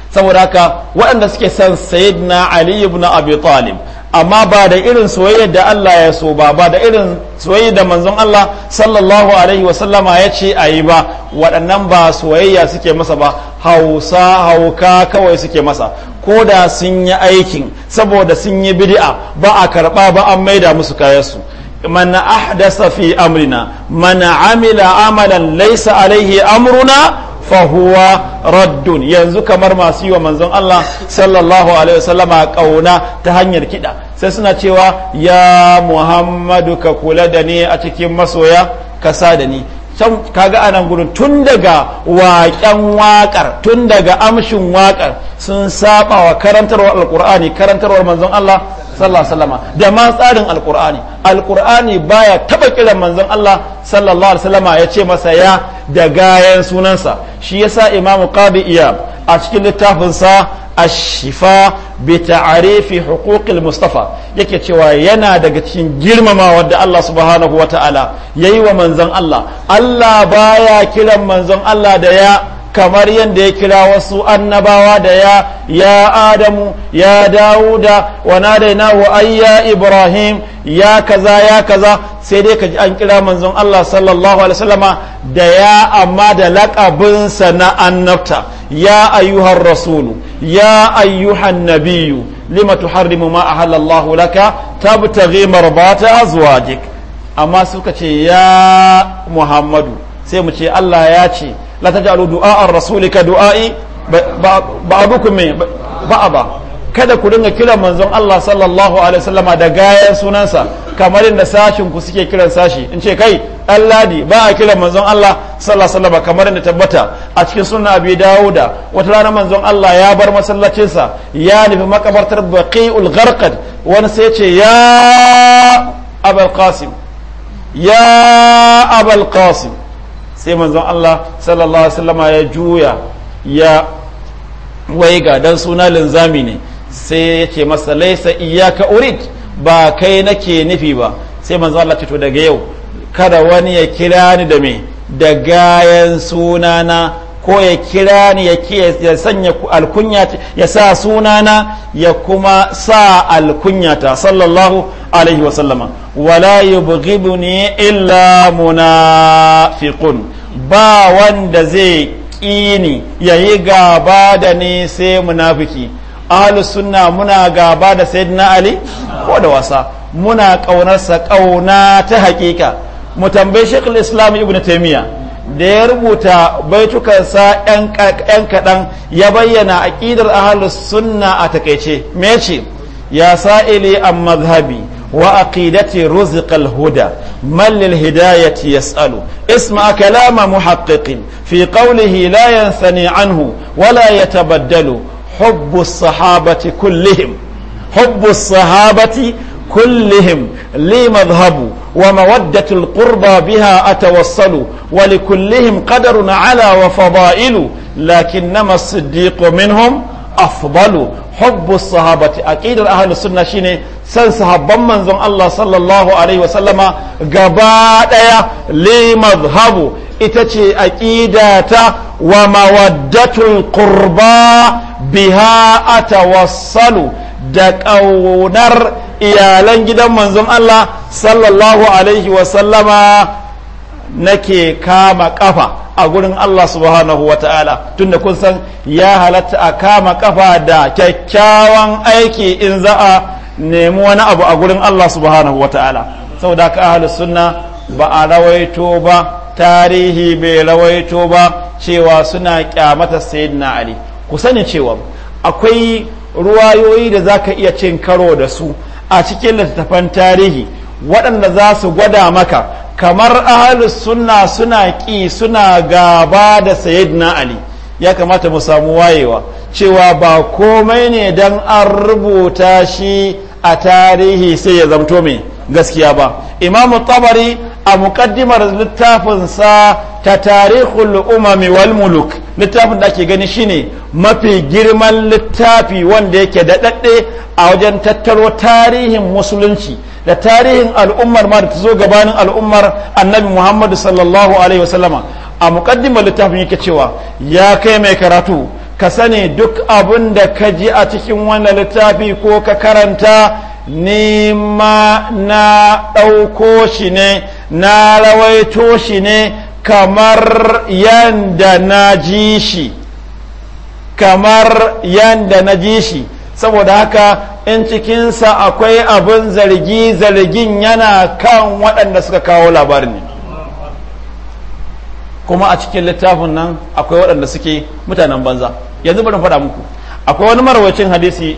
saboda haka waɗanda suke son sayyidina ali ibn abi talib amma ba da irin soyayyar da Allah ya so ba ba da irin soyayya da manzon Allah sallallahu alaihi wasallama ya ce a yi ba waɗannan ba soyayya suke masa ba hausa hauka kawai suke masa ko da sun yi aikin saboda sun yi bid'a ba a karɓa ba an maida musu kayansu man ahdasa fi amrina man amila amalan laisa alaihi amruna fahuwa raddun yanzu kamar masu yi wa manzon Allah sallallahu alaihi wasallama kauna ta hanyar kiɗa sai suna cewa ya muhammadu ka kula da ni a cikin masoya ka sa da ni can kaga a nan gudun tun daga waƙen waƙar tun daga amshin waƙar sun saba wa karantarwar alƙur'ani karantarwar manzon Allah sallallahu da ma tsarin alƙur'ani alƙur'ani baya taɓa kiran manzon Allah sallallahu alaihi wasallama ya ce masa ya da gayan sunansa shi yasa imamu qabi iya a cikin littafinsa ashifa bi ta'arifi huquqil mustafa yake cewa yana daga cikin girmamawa da Allah subhanahu wa ta'ala yayi wa manzon Allah Allah baya kiran manzon Allah da ya kamar yadda ya kira wasu annabawa da ya ya adamu ya dawuda wa nadainahu ayya ibrahim ya kaza ya kaza sai dai ka ji an kira manzon Allah sallallahu alaihi wasallama da ya amma da laƙabinsa na annabta ya ayyuhar rasulu ya ayyuhan nabiyyu lima tuharrimu ma ahallallahu laka tabtaghi marbata azwajik amma suka ce ya muhammadu sai mu ce Allah ya ce la taj'alu du'a rasulika du'ai ba'dukum min ba kada ku dinga kira manzon Allah sallallahu alaihi wasallama da gayan sunansa kamar yadda sashin ku suke kiran sashi in ce kai dan ladi ba a kiran manzon Allah sallallahu alaihi kamar yadda tabbata a cikin sunna dawo dawuda wata rana manzon Allah ya bar masallacin sa ya nufi makabartar baqiul gharqad wani sai ce ya abul qasim ya abul qasim sai manzon Allah sallallahu alaihi wasallam ya juya ya waiga dan suna linzami ne sai ya ce masa laisa iyyaka urid ba kai nake nufi ba sai manzo Allah ce to daga yau kada wani ya kira ni da me da gayan sunana ko ya kira ni ya sanya alkunya ya sa sunana ya kuma sa alkunyata sallallahu alaihi wa sallama wala yubghibuni illa munafiqun ba wanda zai ƙini yayi gaba da ni sai munafiki ahlus sunna muna gaba da sayyidina ali ko da wasa muna kaunarsa kauna ta hakika mu tambayi shekul islam ibn taimiyya da ya rubuta baitukansa yan kaɗan ya bayyana aƙidar ahalus sunna a takaice me ce ya sa'ili an mazhabi wa aqidati ruziqal huda man lil hidayati yas'alu isma kalama muhaqqiqin fi qawlihi la yansani anhu wa la yatabaddalu hubbu sahabati kullihim hubbu sahabati كلهم لي مذهب ومودة القربى بها أتوصل ولكلهم قدر على وفضائل لكنما الصديق منهم أفضل حب الصحابة أكيد أهل السنة شيني سن صحابا من زن الله صلى الله عليه وسلم قبادة لي مذهب إتتي أكيدة ومودة القربى biha atawassalu da ƙaunar iyalan gidan manzon Allah sallallahu alaihi wasallama nake kama kafa a gurin Allah subhanahu wa ta'ala tunda kun san ya halatta a kama kafa da kyakkyawan aiki in za a nemi wani abu a gurin Allah subhanahu wa ta'ala da ka sunna ba a rawaito ba tarihi bai rawaito ba cewa suna kyamata sayyidina ali ku sani cewa akwai ruwayoyi da za ka iya cin karo da su a cikin littattafan tarihi waɗanda za su gwada maka kamar ahalus sunna suna ƙi suna gaba da na ali ya kamata mu samu wayewa cewa ba komai ne don an rubuta shi a tarihi sai ya zamto mai gaskiya ba imamu tabari a muƙaddimar littafinsa ta tarihul umami wal muluk littafin da ake gani shine mafi girman littafi wanda yake daɗaɗe a wajen tattaro tarihin musulunci da tarihin al'ummar ma da ta zo gabanin al'ummar annabi muhammadu sallallahu alaihi wasallama a muƙaddimar littafin yake cewa ya kai mai karatu ka sani duk abin da ka ji a cikin wannan littafi ko ka karanta ni ma na ɗauko shi ne na rawaito shi ne kamar yanda na ji shi kamar yanda na ji shi saboda haka in cikinsa akwai abin zargi zargin yana kan waɗanda suka kawo labarin ne kuma a cikin littafin nan akwai waɗanda suke mutanen banza yanzu bari faɗa muku akwai wani marwacin hadisi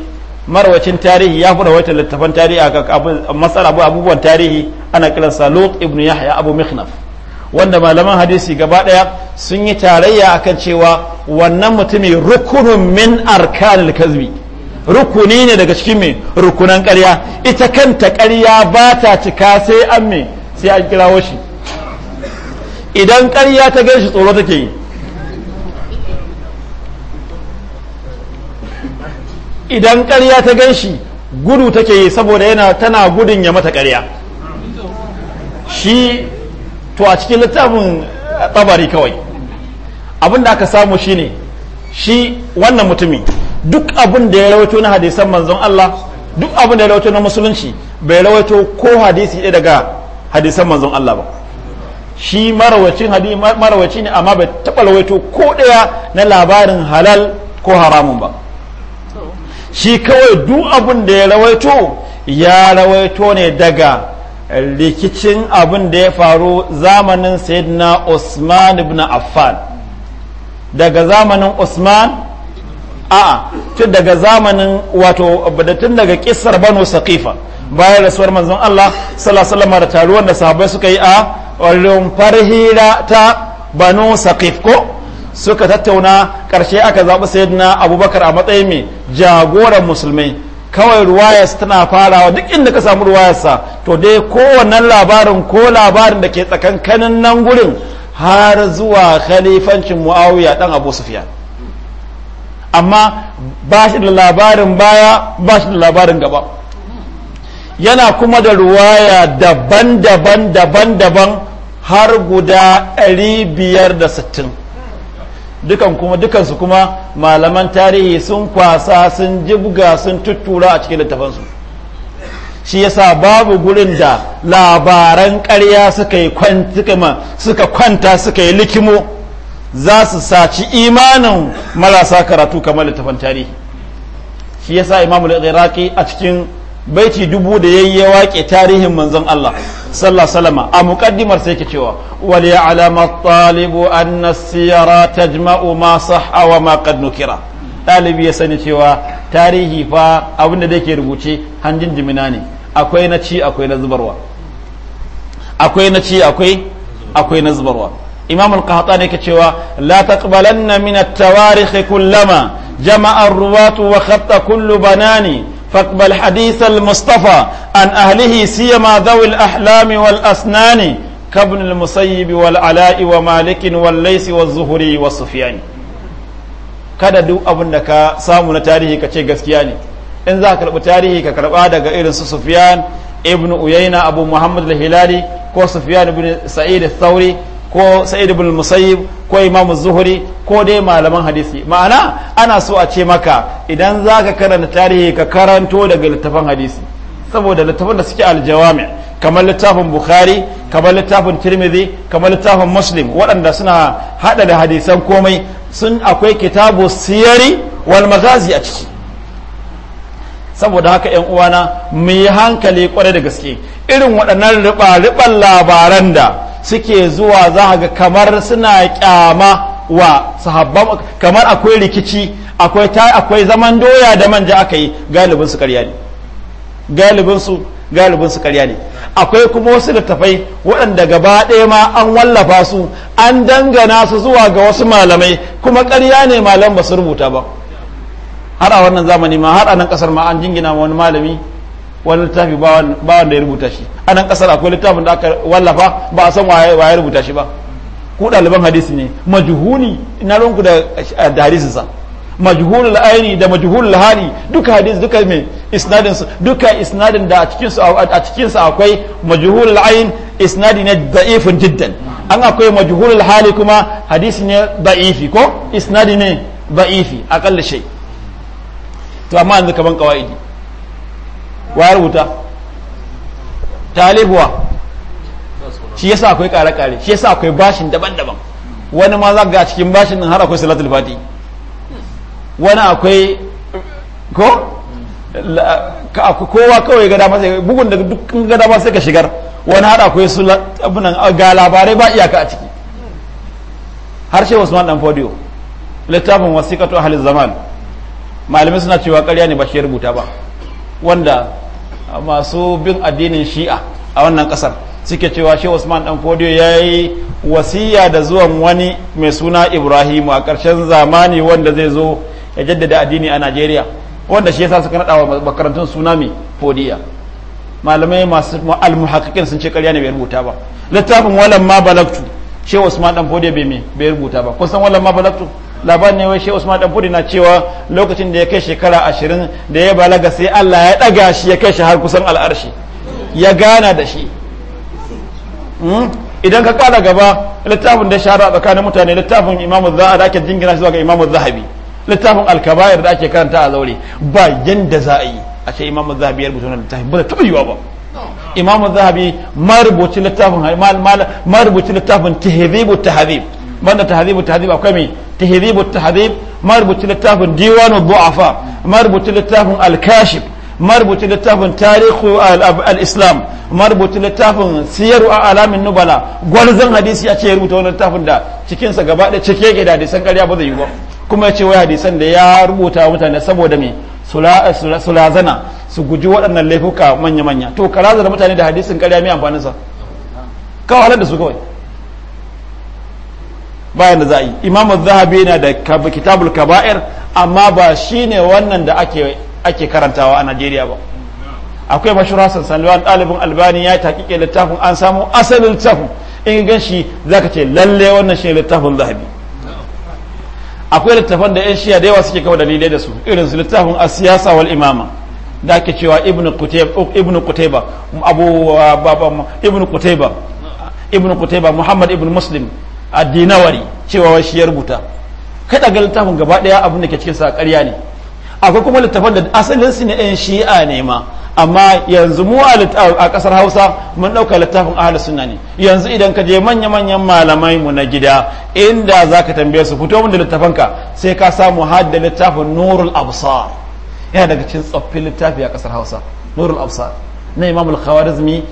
marwacin tarihi ya fura wata littafan tarihi a matsala abubuwan tarihi ana kiransa lot ibn yahya abu mihnaf wanda malaman hadisi gaba daya sun yi tarayya akan cewa wannan mutumi rukunun min arkanil kazbi rukuni ne daga cikin mai rukunan karya ita kanta karya ba ta cika sai an me sai an kirawo shi idan karya ta gan shi tsoro take yi idan karya ta gan shi gudu take yi saboda yana tana gudun ya mata karya shi to a cikin littafin eh, tabari kawai abin da aka samu shine shi wannan mutumi duk abin da ya rawaito na hadisan manzon Allah duk abin da ya rawaito na musulunci bai rawaito ko hadisi ɗaya daga hadisan manzon Allah ba shi marawacin hadisi marawaci ne amma bai taɓa rawaito ko ɗaya na labarin halal ko haramun ba shi kawai duk abin da ya rawaito ya rawaito ne daga rikicin abin da ya faru zamanin sayyidina Usman ibn Affan daga zamanin Usman a'a tun daga zamanin wato tun daga kisar Banu Saqifa bayan rasuwar manzon Allah sallallahu alaihi da taruwan da sahabbai suka yi a rumfar hira ta Banu Saqif ko suka tattauna karshe aka zaɓi sayyidina Abubakar a matsayin mai jagoran musulmai kawai ruwayas tana farawa duk inda ka samu ruwayarsa to dai kowannen labarin ko labarin da ke tsakankanin nan gurin har zuwa khalifancin muawiya dan abu sufyan amma ba shi da labarin baya ba shi da labarin gaba yana kuma da ruwaya daban-daban daban-daban har guda 560 dukan kuma dukansu kuma malaman tarihi sun kwasa sun jibga sun tuttura a cikin littafansu shi yasa babu gurin da labaran ƙarya suka yi kwanta suka yi likimo za su saci imanin marasa karatu kamar littafan tarihi shi yasa imamul iraki a cikin baiti dubu da yayi ya wake tarihin manzon Allah sallallahu salama a muqaddimar sai yake cewa wal ya'lamu talibu anna siyara tajma'u ma sahha ma qad nukira ɗalibi ya sani cewa tarihi fa abinda da ke rubuce hanjin jimina ne akwai na ci akwai na zubarwa akwai na ci akwai akwai na zubarwa imam al yake cewa la taqbalanna min at-tawarikh kullama jama'a ar-ruwatu wa khatta kullu banani فاقبل حديث المصطفى عن أهله سيما ذوي الأحلام والأسنان كابن المسيب والعلاء ومالك والليس والزهري والسفيان kada duk abin da ka samu na tarihi ka ce gaskiya ne in za ka karɓi tarihi ka karɓa daga irin su sufiyan ibn Uyayna Abu Muhammad al-Hilali ko Sufyan ibn Sa'id al-Thawri ko sa'id ibn musayyib ko imamu zuhri ko dai malaman hadisi ma'ana ana so a ce maka idan zaka karanta tarihi ka karanto daga littafan hadisi saboda littafan da suke aljawami kamar littafin bukhari kamar littafin tirmidhi kamar littafin muslim waɗanda suna haɗa da hadisan komai sun akwai kitabu siyari wal magazi a ciki saboda haka yan uwana mu yi hankali kwarai da gaske irin waɗannan riba riban labaran da suke zuwa za ga kamar suna kyama wa sahabban kamar akwai rikici akwai zaman doya da manja aka yi galibin su karya ne galibin su galibin su karya ne akwai kuma wasu littafai waɗanda gaba ɗaya ma an wallafa su an dangana su zuwa ga wasu malamai kuma karya ne malam ba su rubuta ba har a wannan zamani ma har a nan ƙasar ma an jingina wani malami wani littafi ba wanda ya rubuta shi a nan kasar akwai littafin da aka wallafa ba a san ya rubuta shi ba ku ɗaliban hadisi ne majuhuni na ranku da hadisinsa majhulul la'ayini da majhulul hali duka hadis duka mai isnadin duka isnadin da a cikin sa akwai majhulul la'ayin isnadi ne da'ifun jiddan an akwai majhulul hali kuma hadisi ne da'ifi ko isnadi ne da'ifi akalla shai to amma yanzu kaman kawai. wa rubuta talibuwa shi yasa akwai kare-kare shi yasa akwai bashin daban-daban wani ma za ga cikin bashin nan har akwai salatul fati wani akwai ko kowa kawai gada masa bugun da dukkan gada masa ka shigar wani har akwai su ga labarai ba iyaka a ciki harshe usman dan fodiyo littafin wasiqatu ahli zaman malamai suna cewa karya ne ba shi rubuta ba wanda masu bin addinin shi'a a wannan kasar suke cewa shi usman dan fodiyo ya yi wasiya da zuwan wani mai suna ibrahimu a ƙarshen zamani wanda zai zo ya jaddada addini a najeriya wanda shi yasa suka naɗa wa makarantun suna fodiya malamai masu al-muhakkakin sun ce ƙarya ne bai rubuta ba littafin walan ma balagtu shehu usman dan fode bai me bai rubuta ba kusan wallan ma balatu labarin ne wai shehu usman dan fode na cewa lokacin da ya kai shekara ashirin da ya balaga sai Allah ya daga shi ya kai shi har kusan al'arshi ya gana da shi hmm? idan ka kara gaba littafin da shahara tsakanin mutane littafin imamu za'a da ake jingina shi zuwa ga imamu zahabi littafin alkabayar da ake karanta a zaure ba yanda za a yi a ce imamu zahabi ya rubuta wannan littafin ba ta taɓa yiwa ba imam zahabi marubuci littafin marubuci littafin tahzibu tahzib banda tahzibu tahzib akwai mai tahzibu tahzib marubuci littafin diwanu du'afa marubuci littafin al-kashif marubuci littafin tarihu al-islam marubuci littafin siyaru a alamin nubala gwarzon hadisi a ce ya rubuta wani littafin da cikinsa gaba da cike yake da hadisan karya ba zai yi ba kuma ya ce wai hadisan da ya rubuta mutane saboda me sulazana su guji waɗannan laifuka manya-manya to ka razana mutane da hadisin ƙarya mai amfanin sa ka da su kawai bayan da za a yi imam zahabi na da kitabul kaba'ir amma ba shi ne wannan da ake karantawa a najeriya ba akwai mashura hassan salwan ɗalibin albani ya yi taƙiƙe littafin an samu asalin littafin in gan shi za ka ce lalle wannan shi littafin zahabi akwai littafan da 'yan shiya da yawa suke kawo dalilai da su irin su littafin a siyasa wal imama da ake cewa ibn kutaiba ibn kutaiba abu baba ibn kutaiba ibn kutaiba muhammad ibn muslim ad-dinawari cewa shi ya rubuta kada ga littafin gaba daya abin da ke cikin sa karya ne akwai kuma littafan da asalin su ne ɗan shi'a ne ma amma yanzu mu a ƙasar hausa mun ɗauka littafin ahal-suna ne yanzu idan ka je manya manyan malamai mu na gida inda zaka tambaye su fito mun da ka sai ka samu hadda littafin nurul absar yana daga cikin tsoffin littafi a kasar hausa nurul absar na imam al-khawarizmi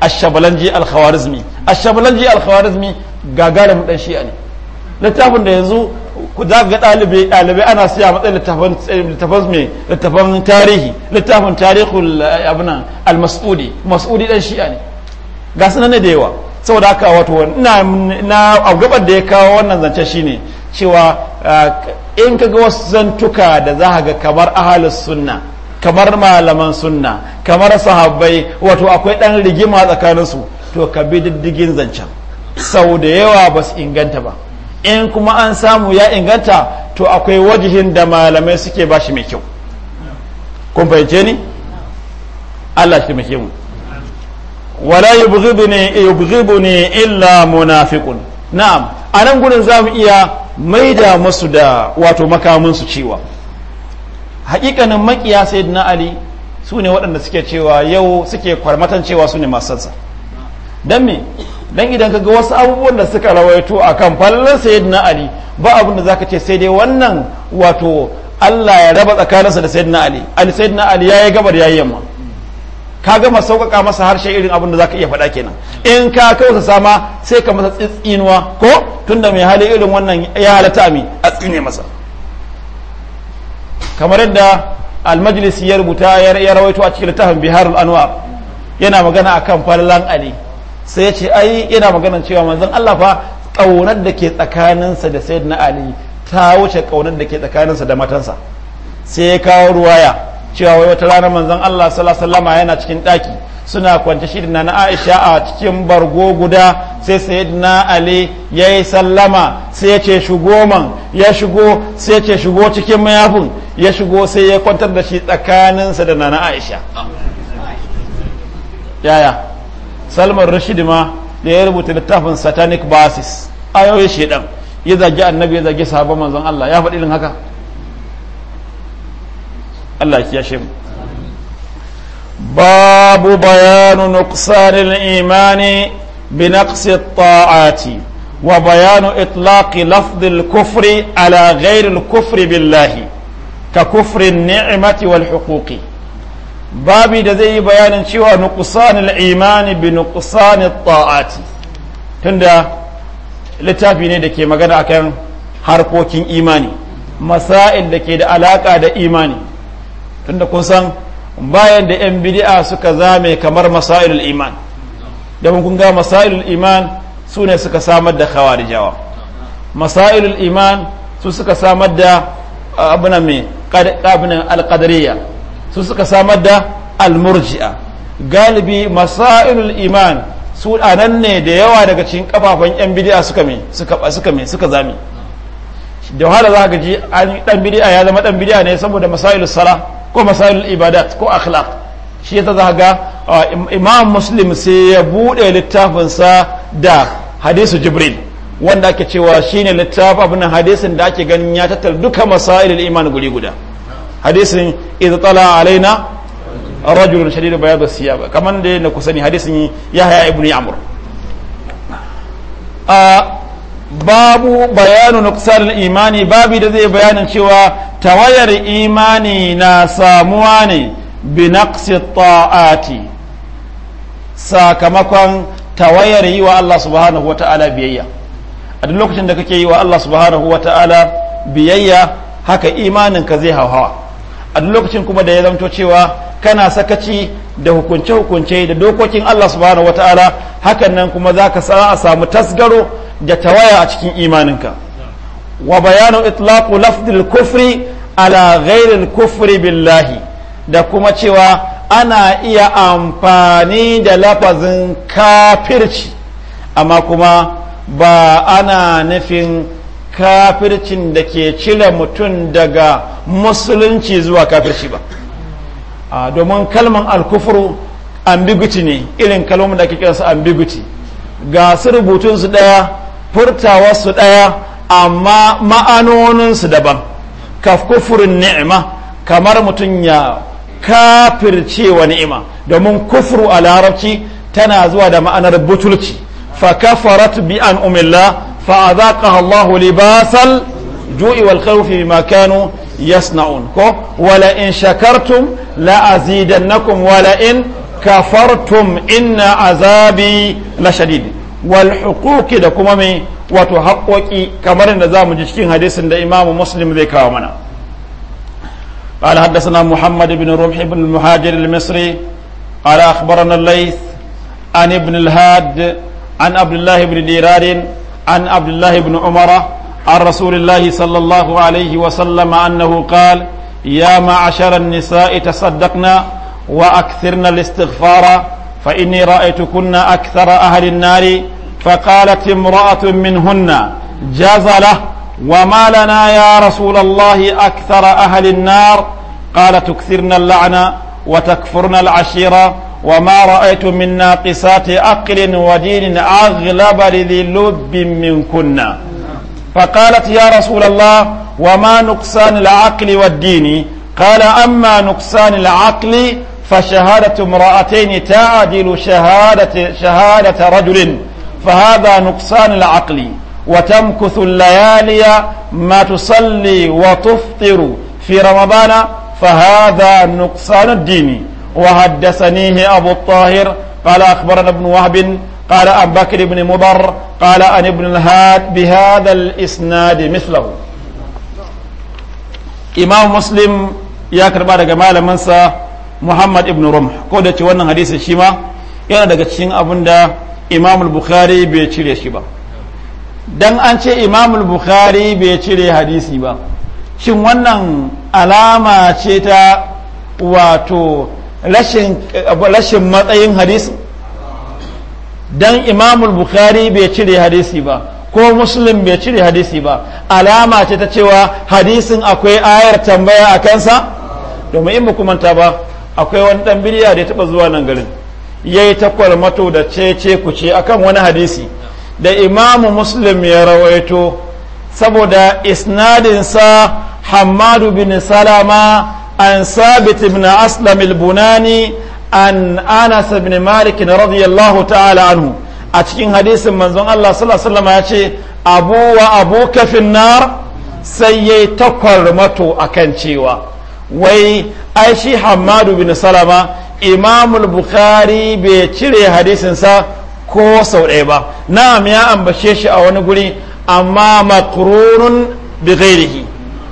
ashabalanji al-khawarizmi ashabalanji al-khawarizmi gagarumin dan shi'a ne littafin da yanzu za ga dalibai ɗalibai ana siya matsayin littafin mai littafin tarihi littafin tarihul eh, abuna al-mas'udi mas'udi dan shi'a ne ga sunan ne da yawa saboda haka wato na na da ya kawo wannan zance shine cewa Uh, in ka ga wasu zantuka da za ga kamar ahalus sunna kamar malaman sunna kamar sahabbai wato akwai ɗan rigima tsakaninsu to ka bi diddigin zancen sau da yawa ba su inganta ba in kuma an samu ya inganta to akwai wajihin da malamai suke ba shi mai kyau kun fahimce ni Allah shi mai mu wala yubghibuni yubghibuni illa munafiqun na'am anan gurin zamu iya maida masu da wato makaminsu cewa hakikanin makiya sayyidina ali su ne waɗanda suke cewa yau suke kwarmatan cewa su ne masu don me don idan ka ga wasu abubuwan da suka rawaito a kan fallon na ali ba abin da ka ce sai dai wannan wato Allah ya raba tsakaninsa da sayyidina ali ali na ali yi gabar yayi yamma ka gama sauƙaƙa masa harshe irin abin da za ka iya faɗa kenan in ka kausa sama sai ka masa tsinuwa ko tunda mai hali irin wannan ya halatta mi a tsine masa kamar yadda almajlis ya rubuta ya rawaito a cikin littafin biharul anwar yana magana a kan falalan ali sai ya ce ai yana magana cewa manzon Allah fa ƙaunar da ke tsakaninsa da sayyidina ali ta wuce ƙaunar da ke tsakaninsa da matansa sai ya kawo ruwaya cewa wai wata rana manzon Allah sallallahu alaihi wasallam yana cikin daki suna kwance shi na Aisha a cikin bargo guda sai sayyidina Ali yayi sallama sai ya ce shigo man ya shigo sai ya ce shigo cikin mayafin ya shigo sai ya kwantar da shi tsakaninsa da nana Aisha yaya Salman Rashid ma da ya rubuta littafin Satanic Basis ayoyi shedan ya zagi annabi ya zagi sahabban manzon Allah ya faɗi irin haka Allah ya kiyashe babu bayanu nuqsanil imani bi naqsi ta'ati wa bayanu itlaqi lafdil kufri ala ghairi kufri billahi ka kufrin ni'mati wal huquqi babi da zai yi bayanin cewa nuqsanil imani bi nuqsanit ta'ati tunda littafi ne da ke magana akan harkokin imani masail da ke da alaka da imani tunda kun san bayan da yan bidi'a suka zame kamar masailul iman da kun ga masailul iman su ne suka samar da khawarijawa masailul iman su suka samar da abuna mai abinan alqadariya su suka samar da almurji'a galibi masailul iman su anan ne da yawa daga cikin kafafan yan bidi'a suka me suka suka me suka zame da wahala za ka ji an dan bidi'a ya zama dan bidi'a ne saboda masailus sala ko masalul ibadat ko akhlaq shi ta za ga uh, imam muslim sai ya buɗe littafinsa da hadisu jibril wanda ake cewa shine littafin abin hadisin da ake ganin ya tattar duka masailul iman guri guda hadisin idza tala alaina rajulun shadidu bayad siyab kaman da na kusani hadisin yahya ibn amr a uh, babu bayanu nuksanin imani babu da zai bayanin cewa tawayar imani na samuwa ne bi ta'ati sakamakon tawayar yi wa Allah subhanahu wata'ala biyayya a duk lokacin da kake yi wa Allah subhanahu wata'ala biyayya haka imaninka zai hauhawa a duk lokacin kuma da ya zamto cewa kana sakaci da hukunce-hukunce da dokokin Allah subhanahu wata'ala hakan nan kuma za ka samu tasgaro da tawaya a cikin imaninka wa bayanu itlaqu lafdil kufri ala ghairil kufri billahi da kuma cewa ana iya amfani da lafazin kafirci amma kuma ba ana nufin kafircin da ke cire mutum daga musulunci zuwa kafirci ba domin kalman alkufuru ambiguti ne irin kalmomin da ake kiransu ambiguti ga su rubutunsu ɗaya wasu ɗaya amma ma'anoninsu daban ka kufurin ni'ima kamar mutum ya kafircewa ni'ima domin kufuru a larabci tana zuwa da ma'anar butulci fa kafarat bi an umilla fa azaqaha Allahu libasal ju'i wal khawfi bima kanu yasna'un ko wala in shakartum la azidannakum wala in kafartum inna azabi la shadid wal huquqi da kuma mai wato haƙoƙi kamar da zamu ji cikin hadisin da Imam Muslim zai kawo mana قال حدثنا محمد بن رمح بن المهاجر المصري قال أخبرنا الليث عن ابن الهاد عن عبد الله بن ديرار عن عبد الله بن عمر عن رسول الله صلى الله عليه وسلم أنه قال يا معشر النساء تصدقنا وأكثرنا الاستغفار فإني رأيتكن أكثر أهل النار فقالت امرأة منهن جزلة وما لنا يا رسول الله أكثر أهل النار قال تكثرن اللعنة وتكفرن العشيرة وما رأيت من ناقصات أقل ودين أغلب لذي لب منكن فقالت يا رسول الله وما نقصان العقل والدين قال أما نقصان العقل فشهادة امرأتين تعدل شهادة, شهادة رجل فهذا نقصان العقل وتمكث الليالي ما تصلي وتفطر في رمضان فهذا نقصان الدين وحدثنيه أبو الطاهر قال أخبرنا ابن وهب قال عن بكر بن مضر قال عن ابن الهاد بهذا الإسناد مثله إمام مسلم ya karba daga malaminsa Muhammad ibn Rumh ko da ce wannan hadisin shi ma yana daga cikin abin da imam bukhari bai cire shi ba dan an ce imam bukhari bai cire hadisi ba shin wannan alama ce ta wato rashin matsayin hadisi dan imam bukhari bai cire hadisi ba ko muslim bai cire hadisi ba alama ce ta cewa hadisin akwai ayar tambaya a kansa domin in ba ba akwai wani dan bidiya da ya taba zuwa nan garin ya yi takwar mato da cece kuce akan wani hadisi da imamu muslim ya rawaito saboda isnadinsa hamadu bin salama an sabit ibn aslam al-bunani an anas ibn malik radiyallahu ta'ala anhu a cikin hadisin manzon Allah sallallahu alaihi ya ce abu wa abu kafin nar sai yayi takwar mato akan cewa wai aishi shi hamadu bin salama imamul bukhari bai cire hadisinsa ko sau ɗaya ba na'am ya ambace shi a wani guri amma makrunun bi ghairihi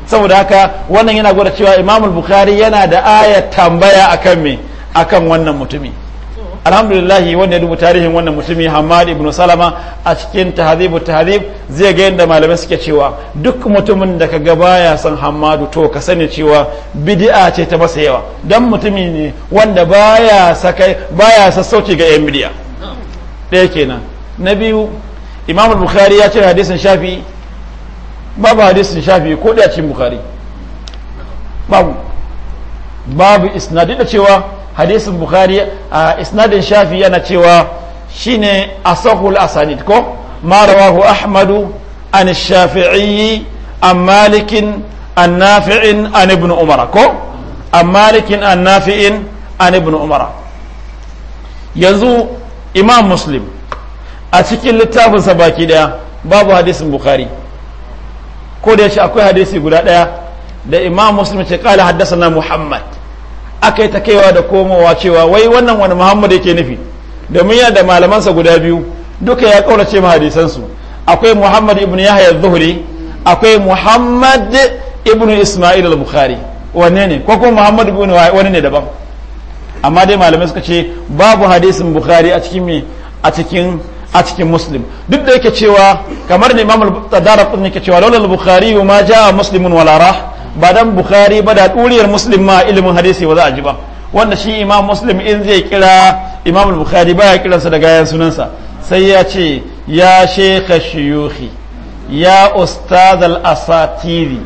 saboda haka wannan yana gwada cewa imamul bukhari yana da aya tambaya akan me akan wannan mutumin alhamdulillah wanda ya dubu tarihin wannan mutumi hamad ibn salama a cikin tahzibu tahzib zai ga yadda malamai suke cewa duk mutumin da ka ga ya son hamadu to ka sani cewa bidi'a ce ta masa yawa dan mutumi ne wanda baya sakai baya sassauci ga yan bidiya. ɗaya kenan na biyu imam bukhari ya ce hadisin shafi babu hadisin shafi ko da cikin bukhari babu babu isnadi da cewa hadisin bukhari a isnadin shafi yana cewa shine asahul asanid ko ma rawahu ahmadu an shafi'i an malikin an nafi'in an ibn umar ko an malikin an nafi'in an ibn umar yanzu imam muslim a cikin littafinsa baki daya babu hadisin bukhari ko da yace akwai hadisi guda daya da imam muslim ce kala haddasa na muhammad aka yi ta kaiwa da komowa cewa wai wannan wani muhammad yake nufi domin yana da malamansa guda biyu duka ya kaurace ma hadisansu akwai muhammad ibn yahya zuhri akwai muhammad ibn isma'il al-bukhari wanne ne ko kuma muhammad ibn wani ne daban amma dai malamai suka ce babu hadisin bukhari a cikin me a cikin a cikin muslim duk da yake cewa kamar ne imam al-tadarqutni yake cewa laula al-bukhari ma jaa muslimun wala rah ba dan bukhari ba da ɗuriyar muslim ma ilimin hadisi ba za a ji ba wanda shi imam muslim in zai kira imam bukhari baya kiransa da gayan sunansa sai ya ce ya shekha shiyuhi ya ustaz al-asatiri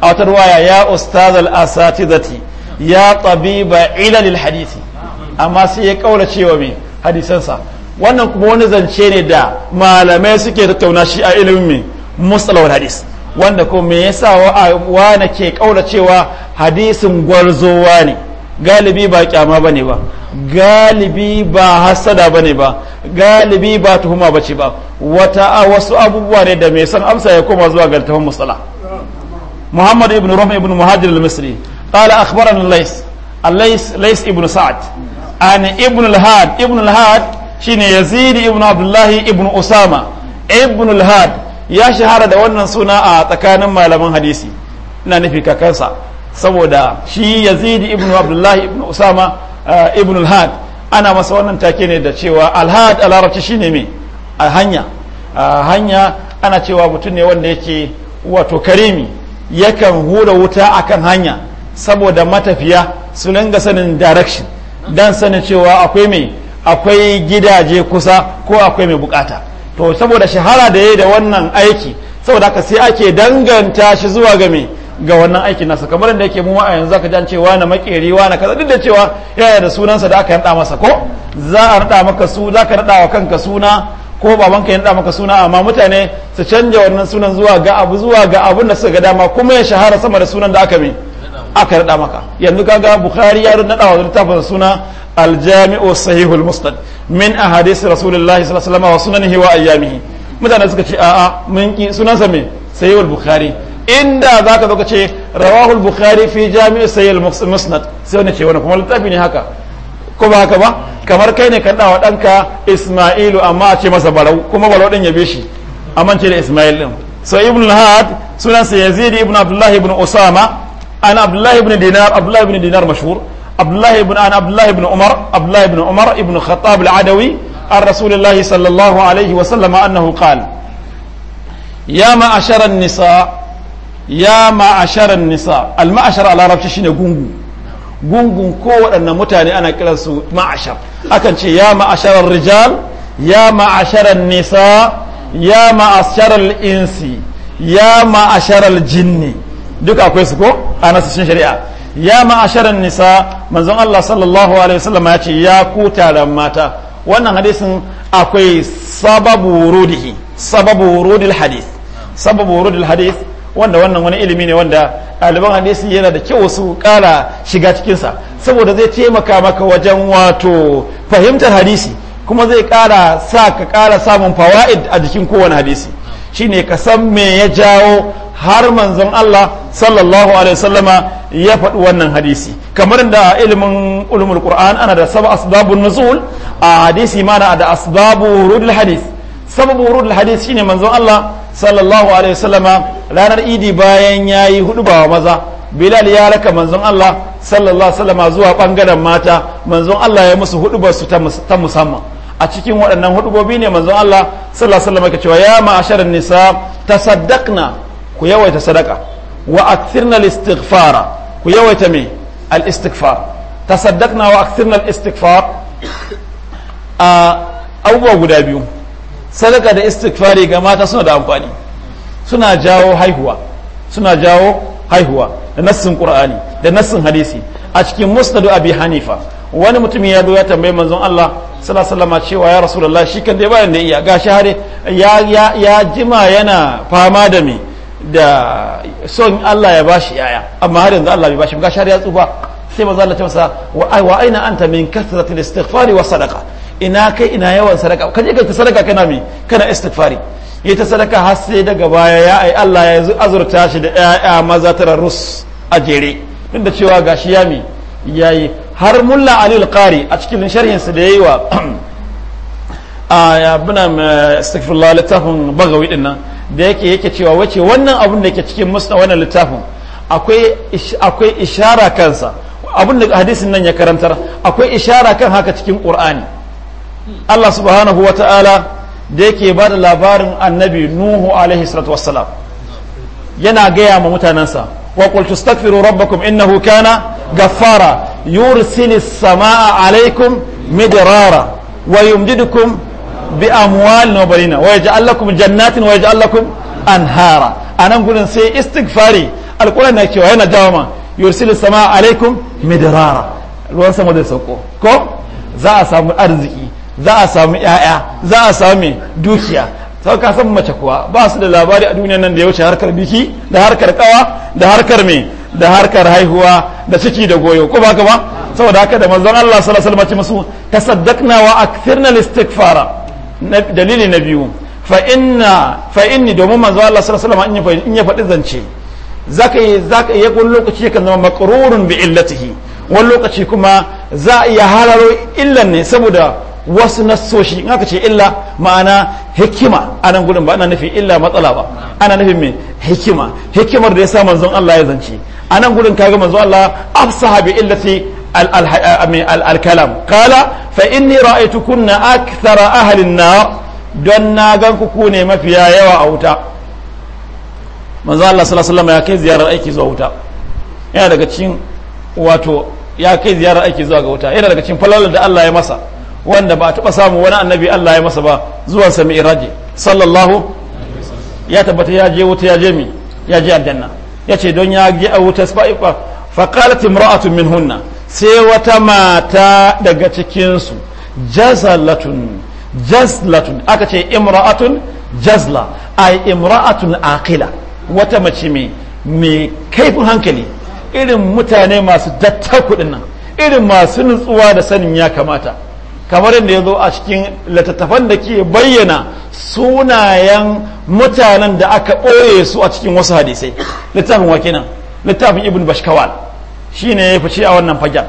a wata ruwaya ya ustaz al-asatidati ya tabiba ilalil hadisi amma sai ya kaura cewa mai hadisansa wannan kuma wani zance ne da malamai suke tattauna shi a ilimin mai mustalawar hadisi wanda ko me yasa wa na ke kaura cewa hadisin gwarzowa ne galibi ba kyama bane ba galibi ba hasada bane ba galibi ba tuhuma bace ba wata a wasu abubuwa ne da mai san amsa ya koma zuwa ga tafin musala muhammad ibn ruhm ibn muhajir al-misri qala akhbarana lays lays lays ibn sa'd an ibn al-had ibn al-had shine yazid ibn abdullah ibn usama ibn al-had ya shahara da wannan suna a tsakanin malaman hadisi ina nufi kakansa saboda shi yazid ibn abdullahi ibn usama eh, ibn al ana masa wannan take ne da cewa al-had a shine me a hanya hanya ana cewa mutum ne wanda yake wato karimi yakan hura wuta akan hanya saboda matafiya su ringa sanin direction dan sanin cewa akwai mai akwai gidaje kusa ko akwai mai bukata to saboda shahara da ya yi da wannan aiki saboda haka sai ake danganta shi zuwa game ga wannan aikin nasa kamar da yake muma a yanzu ka jan cewa na makeri wa na kaza duk da cewa yana da sunansa da aka yanda masa ko za a rada maka su za ka rada wa kanka suna ko babanka ya rada maka suna amma mutane su canja wannan sunan zuwa ga abu zuwa ga abun da suka ga dama kuma ya shahara sama da sunan da aka mai aka rada maka yanzu kaga bukhari ya rada wa littafin suna aljami'u sahihul musnad min ahadith rasulullahi sallallahu alaihi wasallam wa sunanihi wa ayyamihi mutane suka ce a'a mun ki sunansa me sahihul bukhari inda zaka zo ka ce rawahul bukhari fi jami'u sahihul musnad sai wani ce wani kuma littafi ne haka ko ba haka ba kamar kai ne kan dawa danka isma'ilu amma a ce masa barau kuma barau din yabe shi amma ce da isma'il din so ibn al-had sunansa yazid ibn abdullah ibn usama an abdullahi ibn dinar abdullahi ibn dinar mashhur abdullahi ibn an abdullahi ibn umar abdullahi ibn umar ibn khattab al-adawi an rasulillahi sallallahu alaihi wa sallama annahu qala ya ma'ashara nisa ya ma'ashara nisa al-ma'ashara a larabci gungu gungun kowaɗanne mutane ana kiransu ma'ashar akan ce ya ma'asharar rijal ya ma'asharar nisa ya ma'asharar insi ya ma'asharar jinni duk akwai su ko a nasashin shari'a ya ma'asharan nisa manzon Allah sallallahu alaihi wasallam ya ce ya ku taron mata wannan hadisin akwai sababu wurudihi sababu wurudil hadith sababu wurudil hadith wanda wannan wani ilimi ne wanda ɗaliban hadisi yana da kyau su ƙara shiga cikinsa saboda zai taimaka maka wajen wato fahimtar hadisi kuma zai ƙara sa ka ƙara samun fawa'id a jikin kowane hadisi shine ka san me ya jawo har manzon Allah sallallahu alaihi wasallama ya faɗi wannan hadisi kamar da ilimin ulumul qur'an ana da sab asbabun nuzul a hadisi mana da asbabu rudul hadis sababu rudul hadis shine manzon Allah sallallahu alaihi wasallama ranar idi bayan yayi hudubawa maza bilal ya raka manzon Allah sallallahu alaihi wasallama zuwa bangaren mata manzon Allah ya musu hudubar su ta musamman a cikin waɗannan hudubobi ne manzon Allah sallallahu alaihi wasallama ke cewa ya ma'asharan nisa tasaddaqna ku yawaita sadaka wa akthirna al-istighfara ku yawaita me al-istighfar tasaddaqna wa akthirna al-istighfar a abubuwa guda biyu sadaka da istighfari ga mata suna da amfani suna jawo haihuwa suna jawo haihuwa da nassin qur'ani da nassin hadisi a cikin musnadu abi hanifa wani mutum ya zo ya tambayi manzon Allah sallallahu alaihi cewa ya rasulullah shi kan dai bayan da iya gashi hare ya ya jima yana fama da me da son Allah ya bashi yaya amma har yanzu Allah bai bashi ga shari'a tsufa sai maza Allah ta masa wa aina anta min kathratil istighfari wa sadaqa ina kai ina yawan sadaka kaje kai ta sadaka kana mi kana istighfari yayi ta sadaka har sai daga baya ya ai Allah ya azurta shi da yaya maza tara rus a jere duk da cewa gashi ya mi yayi har mulla ali al-qari a cikin sharhin sa da yayi wa a ya bana eh, istighfar littafin bagawi dinnan da yake yake cewa wace wannan abun da ke cikin musna wannan littafin akwai ishara kansa abun da hadisin nan ya karantar akwai ishara kan haka cikin qur'ani Allah subhanahu wa ta'ala da yake ba da labarin annabi nuhu alaihi salatu wassalam yana gaya ma mutanensa wa qul tastaghfiru rabbakum innahu kana gaffara yursilis samaa alaikum midrara wa yumdidukum bi amwalin wa banina wa yaj'al lakum jannatin wa yaj'al lakum anhara anan gurin sai istighfari alquran na cewa yana dawama yursilu samaa alaikum midrara ruwan sama zai sauko ko za a samu arziki za'a a yaya za'a a dukiya sau ka san mace kuwa ba su da labari a duniya nan da ya wuce harkar biki da harkar kawa da harkar mai da harkar haihuwa da ciki da goyo ko ba ka ba saboda haka da manzon Allah sallallahu alaihi wasallam ya ce musu tasaddaqna wa akthirna dalili na biyu fa inna fa inni domin manzo Allah sallallahu alaihi wasallam in ya faɗi zance zaka yi zaka yi wani lokaci ka zama maqrurun bi illatihi wani lokaci kuma za a iya hararo illan ne saboda wasu nasoshi in aka ce illa ma'ana hikima a nan gudun ba ana nufin illa matsala ba ana nufin me hikima hikimar da ya sa manzon Allah ya zance a nan gudun kaga manzon Allah afsaha bi illati alkalam kala fa inni ra'aytu kunna akthara ahalin na don na gan ku ne mafiya a wuta manzo Allah ya kai ziyarar aiki zuwa wuta yana daga cikin wato ya kai ziyarar aiki zuwa ga wuta yana daga cikin falalar da Allah ya masa wanda ba a taɓa samun wani annabi Allah ya masa ba zuwan sa mi'raji sallallahu ya tabbata ya je wuta ya je ya je aljanna ya ce don ya je a wuta fa qalat sai wata mata daga cikinsu jazalatun jazlatun aka ce imra'atun jazla ai imra'atun aqila wata mace mai mai kaifin hankali irin mutane masu datta kudin nan irin masu nutsuwa da sanin ya kamata kamar yadda ya zo a cikin littattafan da ke bayyana sunayen mutanen da aka ɓoye su a cikin wasu hadisai littafin wa littafin ibn bashkawal shi ne ya fice a wannan fagen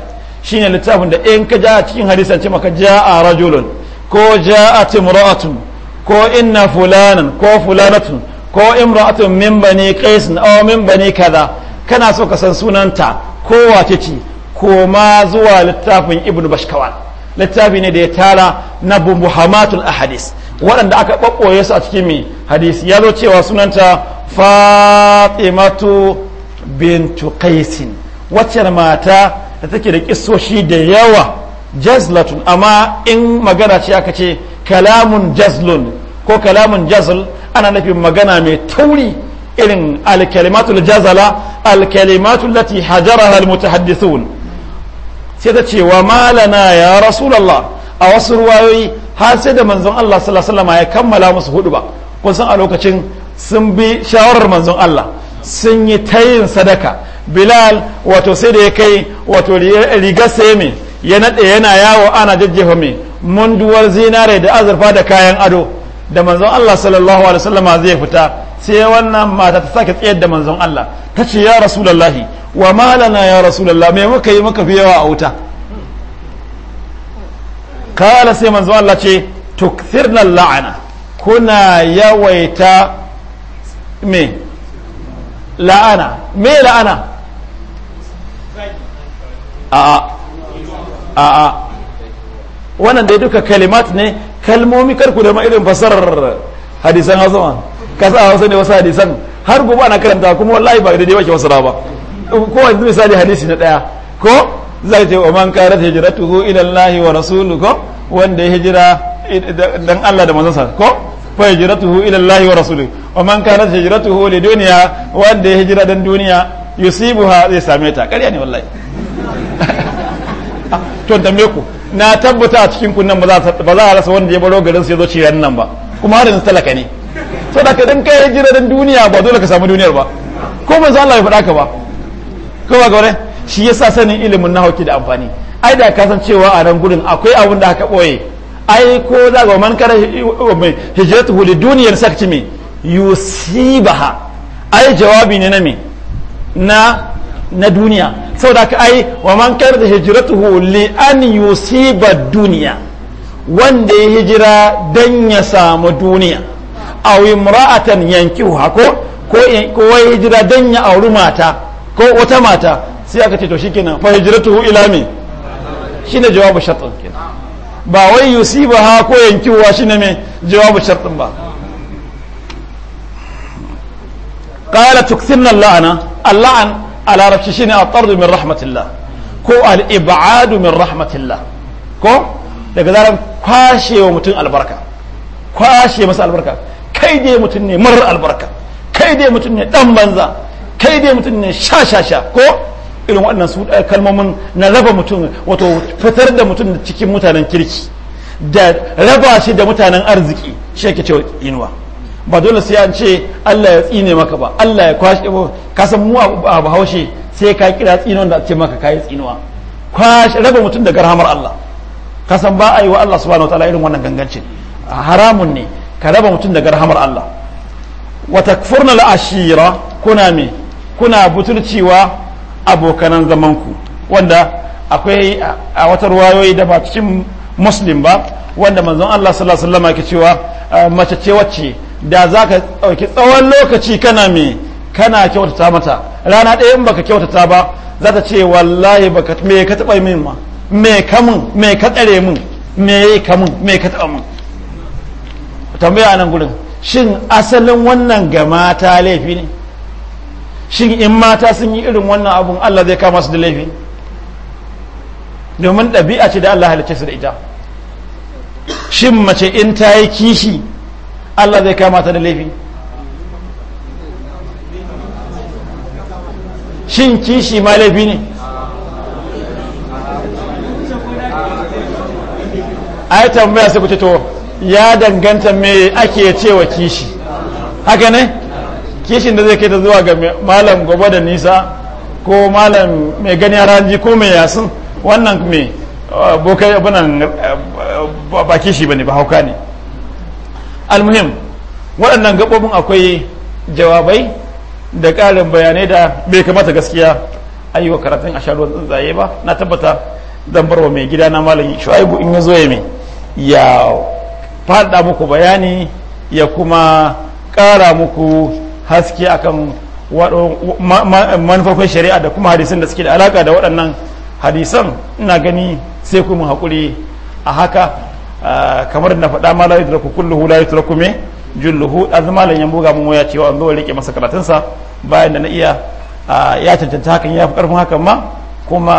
ne littafin da in ka ja a cikin hadisan ce maka a rajulun ko ja a timuratun ko inna fulanan ko fulanatun ko imratun min bani qais aw min bani kaza kana so ka san sunanta ko wace ce ko ma zuwa littafin ibnu bashkawal littafi ne da ya tara na a hadis waɗanda aka ɓaɓɓoye su a cikin mai hadisi ya zo cewa sunanta fatimatu bintu qaisin waccan mata da take da kisoshi da yawa jazlatun amma in magana ce aka ce kalamun jazlun ko kalamun jazl ana nufin magana mai tauri irin alkalimatul jazala alkalimatul lati hajara almutahaddithun sai ta ce wa malana ya rasulullah a wasu ruwayoyi har sai da manzon Allah sallallahu alaihi wasallam ya kammala musu hudu ba kun san a lokacin sun bi shawarar manzon Allah sun yi tayin sadaka bilal wato sai da ya kai wato riga sai mai ya naɗe yana yawo ana jajjefa mai munduwar zinare da azurfa da kayan ado da manzon Allah sallallahu alaihi wasallama zai fita sai wannan mata ta sake tsayar da manzon Allah ta ce ya rasulullahi wa malana ya rasulullah me muka yi muka fi yawa a wuta kala sai manzon Allah ce tukthirna la'ana kuna yawaita me la'ana me la'ana a'a a'a wannan dai duka kalimat ne kalmomi karku da ma irin fasarar hadisan hausa ka sa hausa ne wasu hadisan har gobe ana karanta kuma wallahi ba daidai wace wasu ba ko yanzu misali hadisi na daya ko zai ce wa man qarat hijratuhu ila Allah wa rasuluhu ko wanda ya hijira dan Allah da manzon sa ko fa hijratuhu ila Allah wa rasulih wa man kanat hijratuhu li dunya wanda ya hijira dan duniya yusibuha zai same ta ƙarya ne wallahi to tambaye ku na tabbata a cikin kunnan ba za a rasa wanda ya baro garin su ya zo ciran nan ba kuma har yanzu talaka ne so da ka dan kai hijira dan duniya ba dole ka samu duniyar ba ko za Allah ya faɗa ka ba kowa gaure shi yasa sanin ilimin nahawki da amfani ai da ka san cewa a nan gurin akwai abin da aka ɓoye ai ko za ga man kare hijratuhu li duniyar sakci yusibaha ai jawabi ne na me na na duniya saboda ka ai wa man kare hijratu li an yusiba duniya wanda ya hijira dan ya samu duniya aw imra'atan yankihu hako ko ko ya hijira dan ya auri mata ko wata mata sai aka ce to shikenan fa hijratu ila me shine jawabu shatun ba wai yusibaha ko yankiwa shine mai jawabu shartin ba qala tukthirna la'ana al'an a larabci shine a tard min rahmatillah ko al-ib'ad min rahmatillah ko daga zaran kwashe wa mutum albarka kwashe masa albarka kai dai mutum ne marar albarka kai dai mutum ne dan banza kai dai mutum ne sha sha sha ko irin waɗannan su eh, kalmomin na raba mutum wato fitar da mutum cikin mutanen kirki da raba shi da mutanen arziki shi ake cewa inuwa ba dole sai an ce Allah ya tsine maka ba Allah ya kwashe ka san mu a Bahaushe sai ka kira tsinon da ce maka kai tsinuwa kwashe raba mutum da garhamar Allah ka ba a yi wa Allah subhanahu wataala irin wannan gangancin haramun ne ka raba mutum da garhamar Allah wa takfurna al-ashira kuna me kuna butulcewa abokanan zamanku wanda akwai a wata ruwayoyi da ba cikin muslim ba wanda manzon Allah sallallahu alaihi wasallam cewa mace ce wacce da zaka dauki tsawon lokaci kana me kana kyautata mata rana ɗaya in baka kyautata ba za ta ce wallahi baka me ka taba min ma me ka mun me ka tsare mun me ka mun me ka taba mun tambaya nan gurin shin asalin wannan ga mata laifi ne shin in mata sun yi irin wannan abun Allah zai kama su da laifi domin ɗabi'a ce da Allah halicce su da ita shin mace in ta yi kishi Allah zai kama ta da laifi shin kishi ma laifi ne a yi tambaya sai ku to ya danganta me ake cewa kishi haka ne kishin da zai kai ta zuwa ga malam gobe da nisa ko malam mai gani ranji ko mai yasin wannan mai bokai abinan ba kishi ba ne ba hauka ne almuhim waɗannan gaɓoɓin akwai jawabai da ƙarin bayanai da bai kamata gaskiya ayyuka karatun a sharuwar tsuntsaye ba na tabbata zan barwa mai gida na malam shu'aibu in ya zo ya mai ya faɗa muku bayani ya kuma ƙara muku haske akan manufofin shari'a da kuma hadisan da suke da alaka da waɗannan hadisan ina gani sai ku mu haƙuri a haka kamar na faɗa ma la yudraku kulluhu la yudraku me julluhu da yan buga mun waya cewa an zo rike masa karatunsa bayan da na iya ya cancanta hakan ya fi karfin hakan ma kuma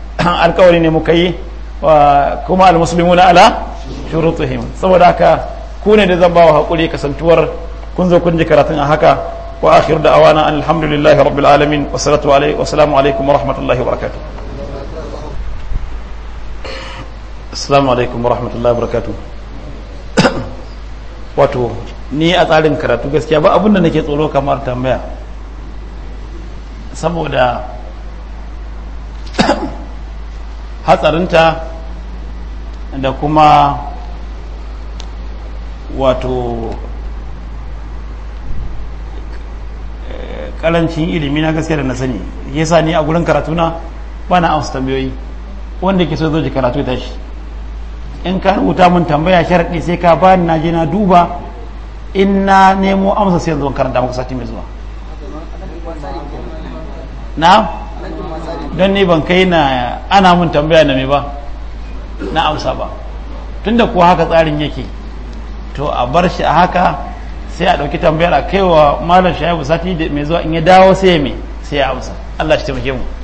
alkawari ne muka yi kuma almuslimuna ala shurutihim saboda haka ku ne da zan ba wa haƙuri kasantuwar kun zo kun ji karatun a haka wa akhir da awana alhamdulillahi rabbil alamin wa salatu alaihi wa salamu alaikum wa rahmatullahi wa barakatuh assalamu alaikum wa rahmatullahi wa barakatuh wato ni a tsarin karatu gaskiya ba abin da nake tsoro kamar tambaya saboda hatsarinta da kuma wato karancin ilimi na gaskiya da na sani yasa ni a gurin karatu na bana amsa tambayoyi wanda ke so zo ji karatu ta shi in ka rubuta mun tambaya sharaɗi sai ka ba ni je na duba in na nemo amsa sai zo karanta muku sati mai zuwa na don ni ban kai na ana mun tambaya na me ba na amsa ba tunda kuwa haka tsarin yake to a bar shi a haka sai a ɗauki tambayar a kaiwa malam shaibu sati mai zuwa in ya dawo sai ya mai sai ya amsa Allah shi taimake mu